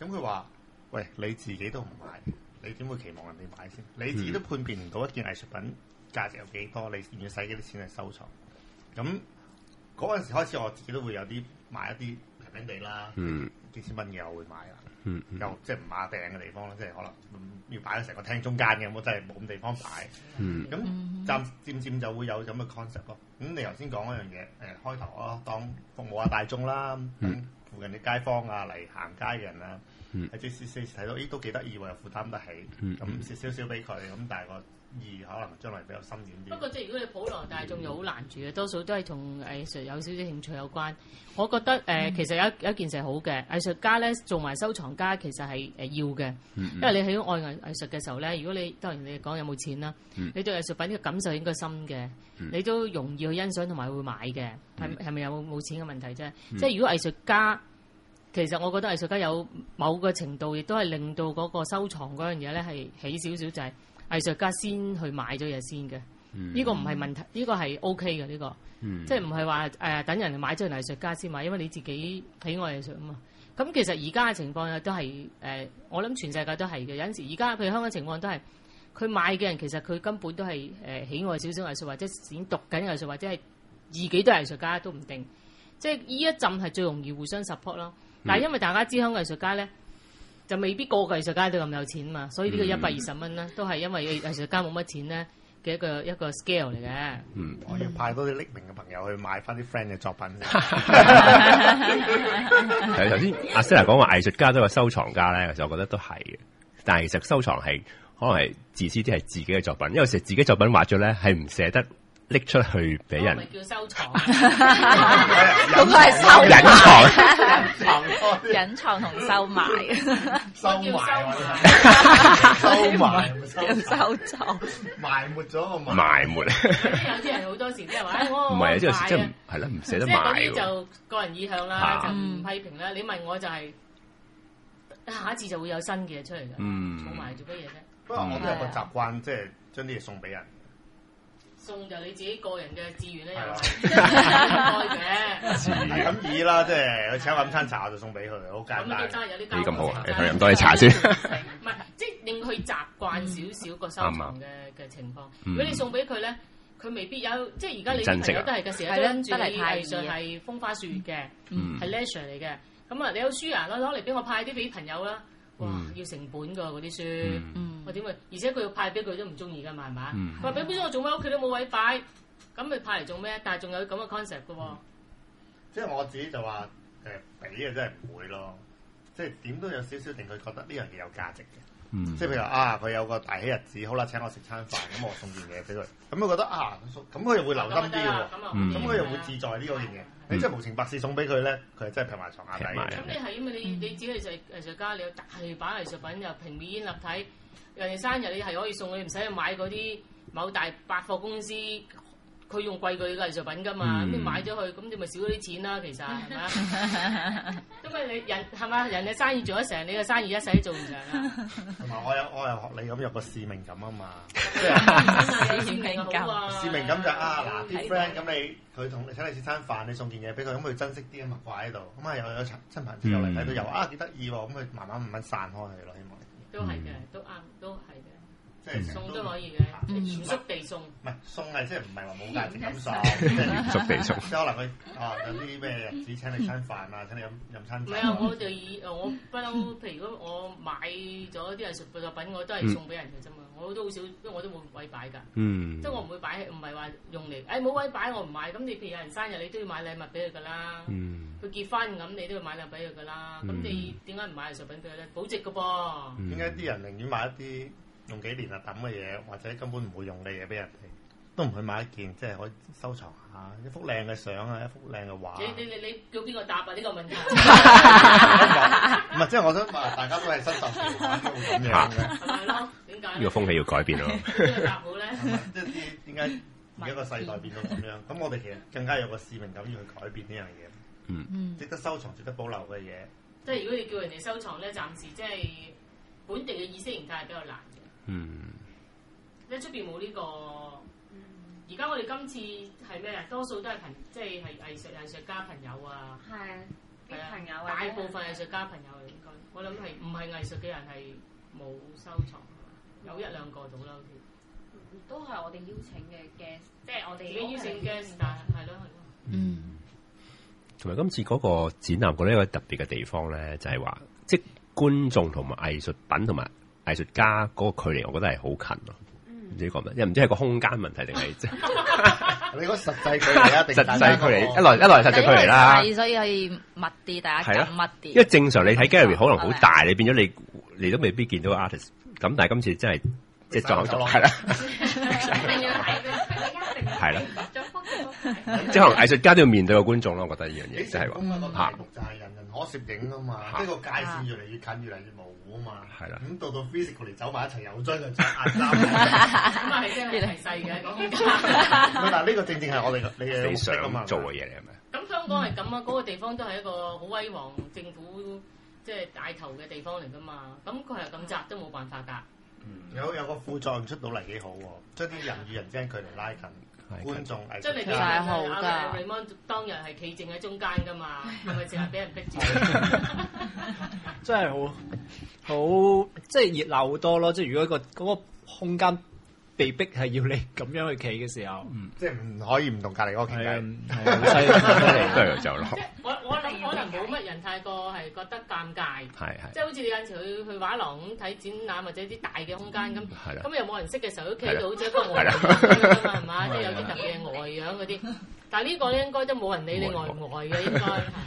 咁佢話：喂，你自己都唔買，你點會期望人哋買先？你自己都判別唔到一件藝術品。價值有幾多？你願意使幾多錢去收藏？咁嗰陣時開始，我自己都會有啲買一啲平平地啦，嗯、幾千蚊嘅我會買啦，嗯嗯、又即係唔買定嘅地方咧，即係可能要擺喺成個廳中間嘅，咁真係冇咁地方擺。咁漸漸就會有咁嘅 concept 咯。咁你頭先講嗰樣嘢，誒、呃、開頭我當服務下大眾啦，附近啲街坊啊嚟行街嘅人啊，即、嗯啊、時四時睇到，誒都幾得意喎，又負擔得起，咁蝕、嗯、少少俾佢，咁但係我。二可能將來比較深遠啲。不過，即係如果你普羅大眾又好難住嘅，多數都係同藝術有少少興趣有關。我覺得誒，呃嗯、其實有有一件事係好嘅，藝術家咧做埋收藏家，其實係誒要嘅，嗯嗯、因為你喺愛藝藝術嘅時候咧，如果你當然你講有冇錢啦，嗯、你對藝術品嘅感受應該深嘅，嗯、你都容易去欣賞同埋會買嘅，係係咪有冇冇錢嘅問題啫？嗯、即係如果藝術家，其實我覺得藝術家有某個程度，亦都係令到嗰個收藏嗰樣嘢咧係起少少就係、係。藝術家先去買咗嘢先嘅，呢、嗯、個唔係問題，呢、呢個係 O K 嘅呢個，嗯、即係唔係話誒等人買咗嚟藝術家先買，因為你自己喜愛藝術啊嘛。咁其實而家嘅情況又都係誒、呃，我諗全世界都係嘅。有陣時而家譬如香港情況都係，佢買嘅人其實佢根本都係誒、呃、喜愛少少藝術，或者已經讀緊藝術，或者係自己都係藝術家都唔定。即係呢一陣係最容易互相 support 咯。但係因為大家知香港藝術家咧。就未必個個藝術家都咁有錢嘛，所以個呢個一百二十蚊咧，都係因為藝術家冇乜錢咧嘅一個一個 scale 嚟嘅。嗯，我要派多啲匿名嘅朋友去買翻啲 friend 嘅作品。係頭先阿 Sir 講話藝術家都有收藏家咧，其實我覺得都係嘅，但係其實收藏係可能係自私啲係自己嘅作品，因為其實自己作品畫咗咧係唔捨得。拎出去俾人，叫收藏。咁係收埋、隱藏、隱藏同收埋、收埋、收埋、收藏、埋沒咗個埋沒。有啲人好多時即係話咧，我唔買啊，係咯，唔捨得買。即係嗰啲就個人意向啦，就唔批評啦。你問我就係下一次就會有新嘅嘢出嚟噶。嗯，藏埋做乜嘢啫？不過我都有個習慣，即係將啲嘢送俾人。送就你自己個人嘅志願咧，又開嘅。咁意啦，即係佢請我飲餐茶，我就送俾佢，好簡單。有啲單有啲單，你飲、嗯嗯、多啲茶先。唔係，即係令佢習慣少少個收藏嘅嘅、嗯、情況。如果你送俾佢咧，佢未必有。即係而家你朋友都係嘅時候，跟住藝術係風花雪月嘅，係 leisure 嚟嘅。咁啊，嗯、你有書啊，攞攞嚟俾我派啲俾朋友啦。要成本噶嗰啲書，嗯，我點會，而且佢要派俾佢都唔中意噶嘛，係嘛？佢話俾俾我做咩屋企都冇位擺，咁咪派嚟做咩？但係仲有咁嘅 concept 噶喎。即係我自己就話，誒，俾啊真係唔會咯，即係點都有少少令佢覺得呢樣嘢有價值嘅。即係譬如話啊，佢有個大喜日子，好啦，請我食餐飯，咁我送件嘢俾佢，咁佢覺得啊，咁、嗯，佢又會留心啲喎，咁佢又會自在呢個嘢。你真係無情白事送俾佢咧，佢係真係平埋床下底。咁你係因為你你只係就係藝術家，你有大把藝術品又平面立體，人哋生日你係可以送你唔使去買嗰啲某大百貨公司。佢用貴嘅藝術品噶嘛，咁你買咗佢，咁你咪少咗啲錢啦。其實係咪啊？因為你人係嘛，人哋生意做得成，你嘅生意一世都做唔上啦。同埋我有我係學你咁有個使命感啊嘛，即使命感。使命感就啊嗱，啲 friend 咁你佢同你請你食餐飯，你送件嘢俾佢，咁佢珍惜啲啊嘛，掛喺度，咁啊又有親朋友嚟睇到又啊幾得意喎，咁佢慢慢慢慢散開係咯，希望都係嘅，都啱，都係。送都可以嘅，熟地送。唔係送係即係唔係話冇價值咁送，熟地送。即係可能佢啊有啲咩日子請你餐飯啊，請你飲飲餐。唔係啊，我就以，我不嬲。譬如果我買咗啲藝術品，我都係送俾人嘅啫嘛。我都好少，因為我都冇位擺㗎。即係我唔會擺，唔係話用嚟。誒，冇位擺，我唔買。咁你譬如有人生日，你都要買禮物俾佢㗎啦。佢結婚咁，你都要買禮物俾佢㗎啦。咁你點解唔買藝術品俾佢咧？保值㗎噃。點解啲人寧願買一啲？用幾年啊，抌嘅嘢，或者根本唔會用嘅嘢，俾人哋都唔去買一件。即係可以收藏下一幅靚嘅相啊，一幅靚嘅畫。你你你叫邊個答啊？呢個問題唔係，即係我想問，大家都係新時代，咁樣嘅係咪咯？點解呢個風氣要改變啊？點答好咧？即係點解而家個世代變到咁樣？咁我哋其實更加有個使命感要去改變呢樣嘢。嗯，值得收藏、值得保留嘅嘢。即係如果你叫人哋收藏咧，暫時即係本地嘅意識形態係比較難。嗯，你出面冇呢個，而家我哋今次係咩啊？多數都係朋，即係係藝術藝術家朋友啊，係，啲朋友，大部分藝術家朋友嚟應該，我諗係唔係藝術嘅人係冇收藏，有一兩個到啦都係我哋邀請嘅 guest，即係我哋邀請嘅 guest。但係咯係咯，嗯，同埋今次嗰個展覽嗰呢一個特別嘅地方咧，就係話即係觀眾同埋藝術品同埋。藝術家嗰個距離，我覺得係好近咯，唔知講乜，因為唔知係個空間問題定係即你講實際距離啊？實際距離一來一來實際距離啦，所以係密啲，大家近密啲。因為正常你睇 gallery 可能好大，你變咗你你都未必見到 artist。咁但係今次真係即係裝好裝落係啦，一定要係藝術家，係啦，即係可能藝術家都要面對個觀眾咯。我覺得呢樣嘢就係話我攝影啊嘛，呢、這個界線越嚟越近，越嚟越模糊啊嘛。係啦的，咁、嗯、到到 physically 嚟走埋一齊，有追， 就出亞三。咁啊係真係係細嘅。嗱呢個正正係我哋你嘅理想做嘅嘢嚟係咪？咁香港係咁啊，嗰、那個地方都係一個好威煌政府即係帶頭嘅地方嚟㗎嘛。咁佢係咁窄都冇辦法㗎。嗯、有有個副作用出到嚟幾好喎，將啲人與人之間距離拉近。觀眾真係幾大好噶，Raymond 當日係企正喺中間噶嘛，係咪淨係俾人逼住？真係好好，即係熱鬧好多咯！即係如果一個嗰個空間，被逼係要你咁樣去企嘅時候，即係唔可以唔同隔離屋企傾偈，係即我我我諗可能冇乜人太過係覺得尷尬，係即係好似你有陣時去去畫廊咁睇展覽或者啲大嘅空間咁，係咁又冇人識嘅時候都企到，好似不過我係嘛，係嘛，即係有啲特別嘅外樣嗰啲，但係呢個咧應該都冇人理你外唔外嘅應該，係嘛？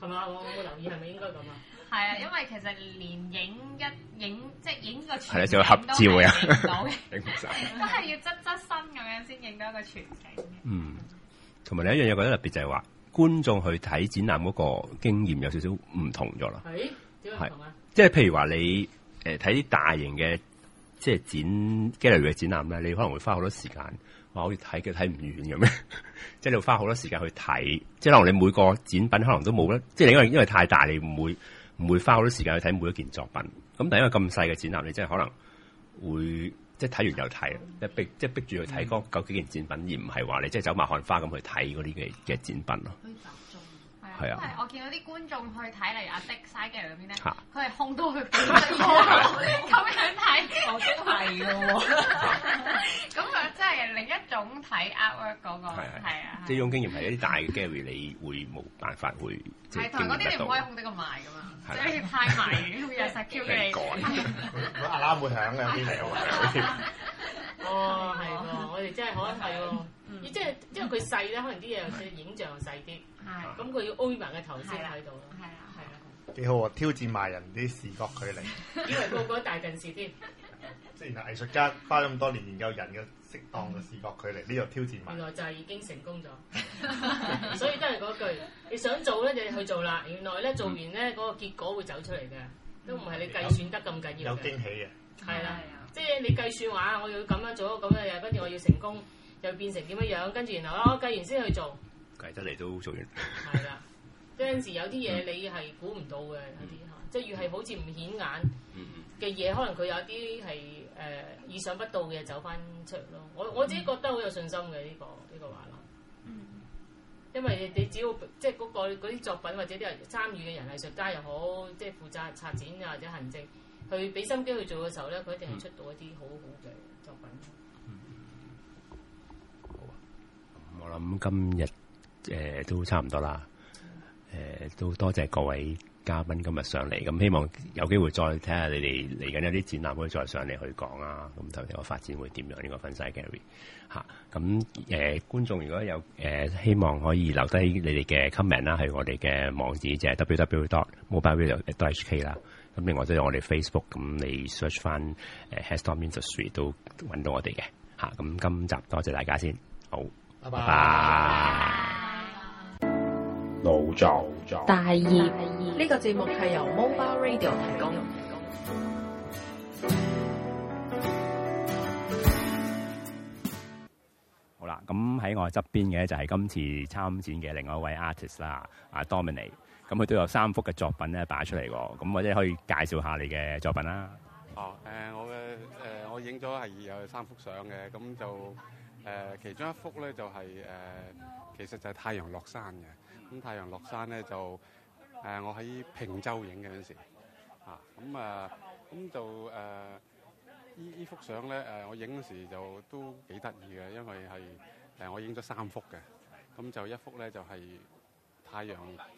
係咪我冇留意係咪應該咁啊？係啊，因為其實連影一影，即係影個全景咧，仲 不完 要合照啊！影唔都係要側側身咁樣先影到一個全景。嗯，同埋另一樣嘢覺得特別就係話，觀眾去睇展覽嗰個經驗有少少唔同咗啦。係點會唔同啊？即係譬如話你誒睇啲大型嘅即係展，例如嘅展覽咧，你可能會花好多時間，哇！可以睇嘅睇唔完咁嘅，即係你要花好多時間去睇。即係可能你每個展品可能都冇咧，即係你因為因為太大，你唔會。唔會花好多時間去睇每一件作品，咁但因為咁細嘅展覽，你真係可能會即係睇完又睇，即逼即係逼住去睇嗰幾件展品，而唔係話你即係走馬看花咁去睇嗰啲嘅嘅展品咯。好集中，係啊！我見到啲觀眾去睇嚟阿的 side 嘅嗰邊咧，佢係控到去邊度咁樣睇？我都係嘅咁樣即係另一種睇 outwork 嗰個啊！即係種經驗係一啲大嘅 g a l r y 你會冇辦法會即係經嗰啲唔可以控得咁埋㗎嘛？真係太迷嘅，又實 Q 嘅你改緊，阿媽冇響嘅，邊嚟嘅？哦，係喎，我哋真係好細個，即係因為佢細咧，可能啲嘢影像又細啲，係， 咁、嗯、佢要 O 型嘅頭先喺度咯，係啊，係啊，幾好啊！挑戰埋人啲視覺距離， 以為個個大近視添。 即係藝術家花咁多年研究人嘅適當嘅視覺距離，呢度挑戰埋。原來就係已經成功咗，所以都係嗰句，你想做咧就去做啦。原來咧做完咧嗰個結果會走出嚟嘅，都唔係你計算得咁緊要。有驚喜嘅，係啦，即係你計算話我要咁樣做咗咁嘅嘢，跟住我要成功，又變成點樣樣，跟住然後咯我計完先去做，計得嚟都做完。係啦，有陣時有啲嘢你係估唔到嘅，有啲即係越係好似唔顯眼。嘅嘢可能佢有啲係誒意想不到嘅走翻出嚟咯。我我自己覺得好有信心嘅呢、這個呢、這個畫廊。嗯，因為你，你只要即係嗰個嗰啲作品或者啲人參與嘅人藝術家又好，即係負責策展、嗯、或者行政，佢俾、嗯、心機去做嘅時候咧，佢一定係出到一啲好好嘅作品。嗯啊、我諗今日誒、呃、都差唔多啦。誒、嗯，都、嗯、多謝各位。嘉賓今日上嚟，咁希望有機會再睇下你哋嚟緊有啲展覽可以再上嚟去講啊！咁睇下個發展會點樣？呢、這個 Front-side gallery 嚇，咁、啊、誒、呃、觀眾如果有誒、呃、希望可以留低你哋嘅 comment 啦，喺我哋嘅網址就係、是、www.dot.mobi.hk 啦。咁另外都有我哋 Facebook，咁你 search 翻誒 h a s t o m industry 都揾到我哋嘅嚇。咁、啊、今集多謝大家先，好，拜拜。拜拜。腦作，大業。呢個節目係由 Mobile Radio 提供。好啦，咁喺我側邊嘅就係今次參展嘅另外一位 artist 啦、啊，阿 Dominic。咁佢都有三幅嘅作品咧擺出嚟喎，咁或者可以介紹下你嘅作品啦。哦，誒、呃，我嘅，誒、呃，我影咗係有三幅相嘅，咁就誒、呃，其中一幅咧就係、是、誒、呃，其實就係太陽落山嘅。咁太陽落山咧，就誒、呃、我喺平洲影嘅嗰陣時，啊咁啊，咁、嗯呃嗯、就誒呢呢幅相咧誒，我影嗰時就都幾得意嘅，因為係誒、呃、我影咗三幅嘅，咁、嗯、就一幅咧就係、是、太陽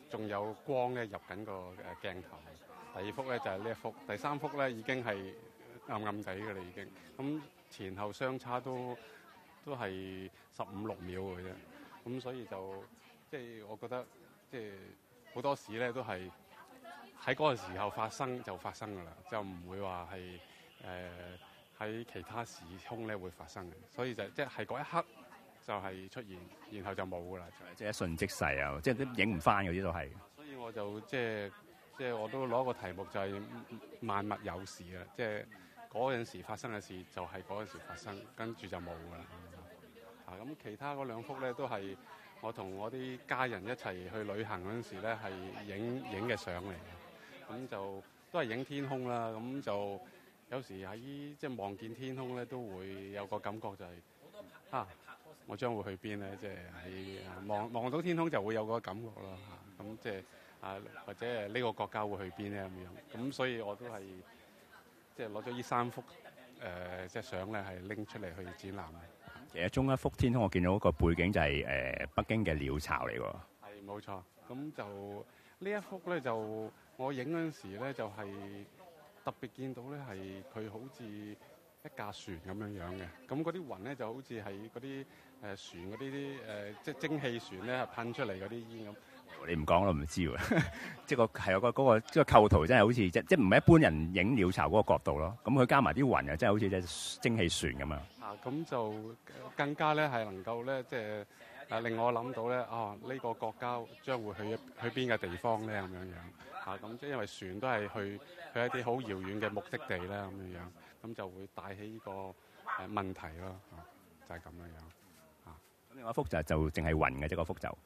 仲有光咧入緊個誒鏡頭，第二幅咧就係、是、呢一幅，第三幅咧已經係暗暗底嘅啦已經，咁、嗯、前後相差都都係十五六秒嘅啫，咁、嗯、所以就。即係我覺得，即係好多事咧都係喺嗰個時候發生就發生噶啦，就唔會話係誒喺其他時空咧會發生嘅。所以就即係喺嗰一刻就係出現，然後就冇噶啦，即係一瞬即逝啊！即係都影唔翻嗰啲都係。所以我就即係即係我都攞個題目就係、是、萬物有時，萬物有事啊！即係嗰陣時發生嘅事就係嗰陣時發生，跟住就冇噶啦。啊咁，其他嗰兩幅咧都係。我同我啲家人一齊去旅行陣時咧，係影影嘅相嚟嘅，咁就都係影天空啦。咁就有時喺即係望見天空咧，都會有個感覺，就係啊，就係、是、吓，我將會去邊咧？即係喺望望到天空就會有個感覺咯嚇。咁即係啊，或者係呢個國家會去邊咧咁樣，咁所以我都係即係攞咗依三幅誒即係相咧，係、呃、拎、就係、出嚟去展覽。其中一幅天空，我見到一個背景就係、是、誒、呃、北京嘅鳥巢嚟喎。係冇錯，咁就呢一幅咧就我影嗰時咧就係、是、特別見到咧係佢好似一架船咁樣樣嘅，咁嗰啲雲咧就好似係嗰啲誒船嗰啲啲誒即係蒸汽船咧噴出嚟嗰啲煙咁。你唔講我唔知喎，即個係個嗰個即個構圖真係好似即即唔係一般人影鳥巢嗰個角度咯。咁佢加埋啲雲啊，真係好似隻蒸汽船咁樣。啊，咁就更加咧係能夠咧即係令我諗到咧啊呢個國家將會去去邊嘅地方咧咁樣樣。嚇咁即因為船都係去去一啲好遙遠嘅目的地咧咁樣樣，咁就會帶起呢個問題咯。就係咁樣樣。啊，咁另外一幅就就淨係雲嘅，即個幅就。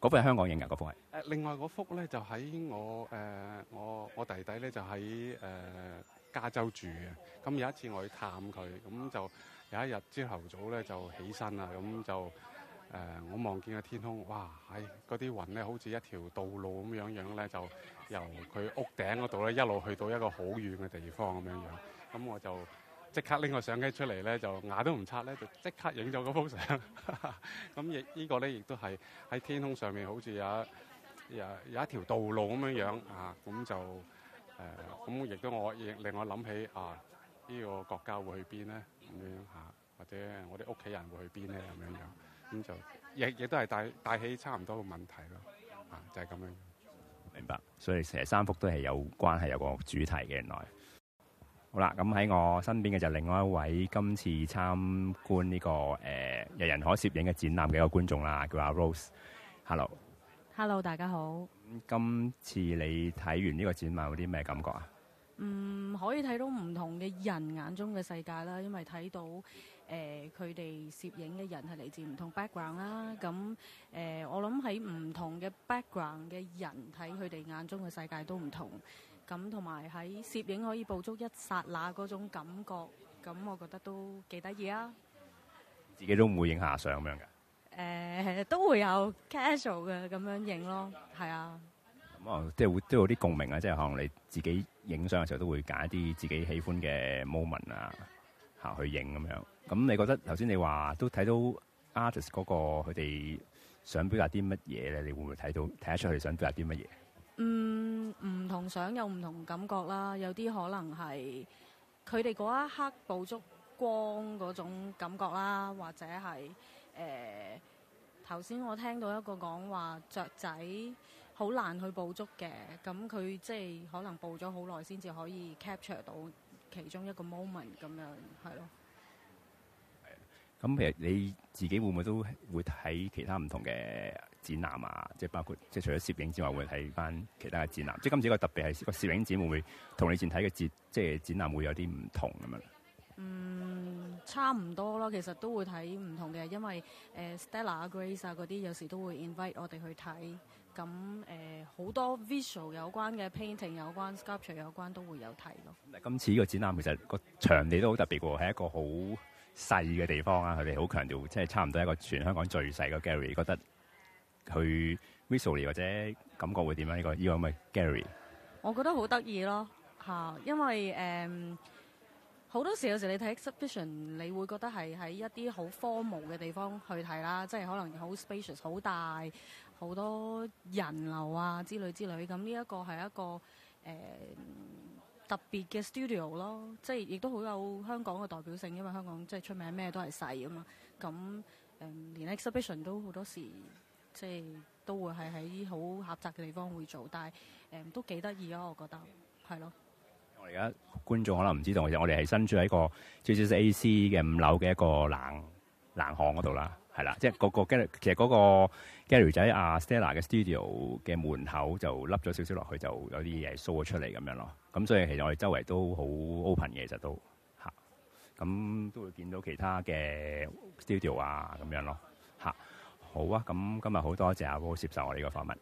嗰幅係香港影嘅，嗰幅係。誒，另外嗰幅咧就喺我誒我、呃、我弟弟咧就喺誒、呃、加州住嘅。咁有一次我去探佢，咁就有一日朝頭早咧就起身啦，咁就誒、呃、我望見個天空，哇！係嗰啲雲咧好似一條道路咁樣樣咧，就由佢屋頂嗰度咧一路去到一個好遠嘅地方咁樣樣。咁我就，即刻拎個相機出嚟咧，就牙都唔刷咧，就即刻影咗嗰幅相。咁 亦、呢個、呢個咧，亦都係喺天空上面好，好似有有有一條道路咁樣樣啊。咁就誒，咁、啊、亦都我亦令我諗起啊，呢、呢個國家會去邊咧咁樣嚇，或者我哋屋企人會去邊咧咁樣樣。咁、啊、就亦亦都係帶帶起差唔多嘅問題咯。啊，就係、係、咁樣。明白。所以成日三幅都係有關係，有個主題嘅原來。好啦，咁喺我身邊嘅就另外一位今次參觀呢個誒人人可攝影嘅展覽嘅一個觀眾啦，叫阿 Rose。Hello，Hello，大家好。今次你睇完呢個展覽有啲咩感覺啊？嗯，可以睇到唔同嘅人眼中嘅世界啦，因為睇到誒佢哋攝影嘅人係嚟自唔同 background 啦。咁誒，我諗喺唔同嘅 background 嘅人睇佢哋眼中嘅世界都唔同。咁同埋喺攝影可以捕捉一剎那嗰種感覺，咁我覺得都幾得意啊！自己都唔會影下相咁樣嘅，誒、欸、都會有 casual 嘅咁樣影咯，係啊。咁啊、嗯，即係會都有啲共鳴啊！即係可能你自己影相嘅時候都會揀一啲自己喜歡嘅 moment 啊，下去影咁樣。咁你覺得頭先你話都睇到 artist 嗰、嗰個佢哋想表達啲乜嘢咧？你會唔會睇到睇得出佢哋想表達啲乜嘢？嗯，唔同相有唔同感覺啦，有啲可能係佢哋嗰一刻捕捉光嗰種感覺啦，或者係誒頭先我聽到一個講話雀仔好難去捕捉嘅，咁、嗯、佢即係可能捕咗好耐先至可以 capture 到其中一個 moment 咁樣，係咯。係、嗯。咁其實你自己會唔會都會睇其他唔同嘅？展覽啊，即係包括即係除咗攝影之外，會睇翻其他嘅展覽。即係今次個特別係個攝影展會唔會同你前睇嘅展，即係展覽會有啲唔同咁樣，嗯，差唔多咯。其實都會睇唔同嘅，因為誒、呃、Stella Grace 啊嗰啲有時都會 invite 我哋去睇。咁誒好多 visual 有關嘅 painting 有關 sculpture 有關都會有睇咯。今次呢個展覽其實個場地都好特別喎，係一個好細嘅地方啊。佢哋好強調，即係差唔多一個全香港最細嘅 gallery，覺得。去 visuality 或者感覺會點啊？呢、這個呢個咁咪 Gary，我覺得好得意咯嚇，因為誒好、嗯、多時有時你睇 exhibition，你會覺得係喺一啲好荒蕪嘅地方去睇啦，即係可能好 spacious、好大、好多人流啊之類之類。咁呢一個係一個誒特別嘅 studio 咯，即係亦都好有香港嘅代表性，因為香港即係出名咩都係細啊嘛。咁誒、嗯、連 exhibition 都好多時。即係都會係喺好狹窄嘅地方會做，但係誒都幾得意咯，我覺得係咯。我而家觀眾可能唔知道，其實我哋係身處喺一個最少 AC 嘅五樓嘅一個冷冷巷嗰度啦，係啦，即係個個 gallery 其實嗰個 gallery 仔阿 Stella 嘅 studio 嘅門口就凹咗少少落去，就有啲嘢 show 咗出嚟咁樣咯。咁所以其實我哋周圍都好 open 嘅，其實都嚇，咁都會見到其他嘅 studio 啊咁樣咯。好啊，咁今日好多謝阿哥接受我呢個訪問。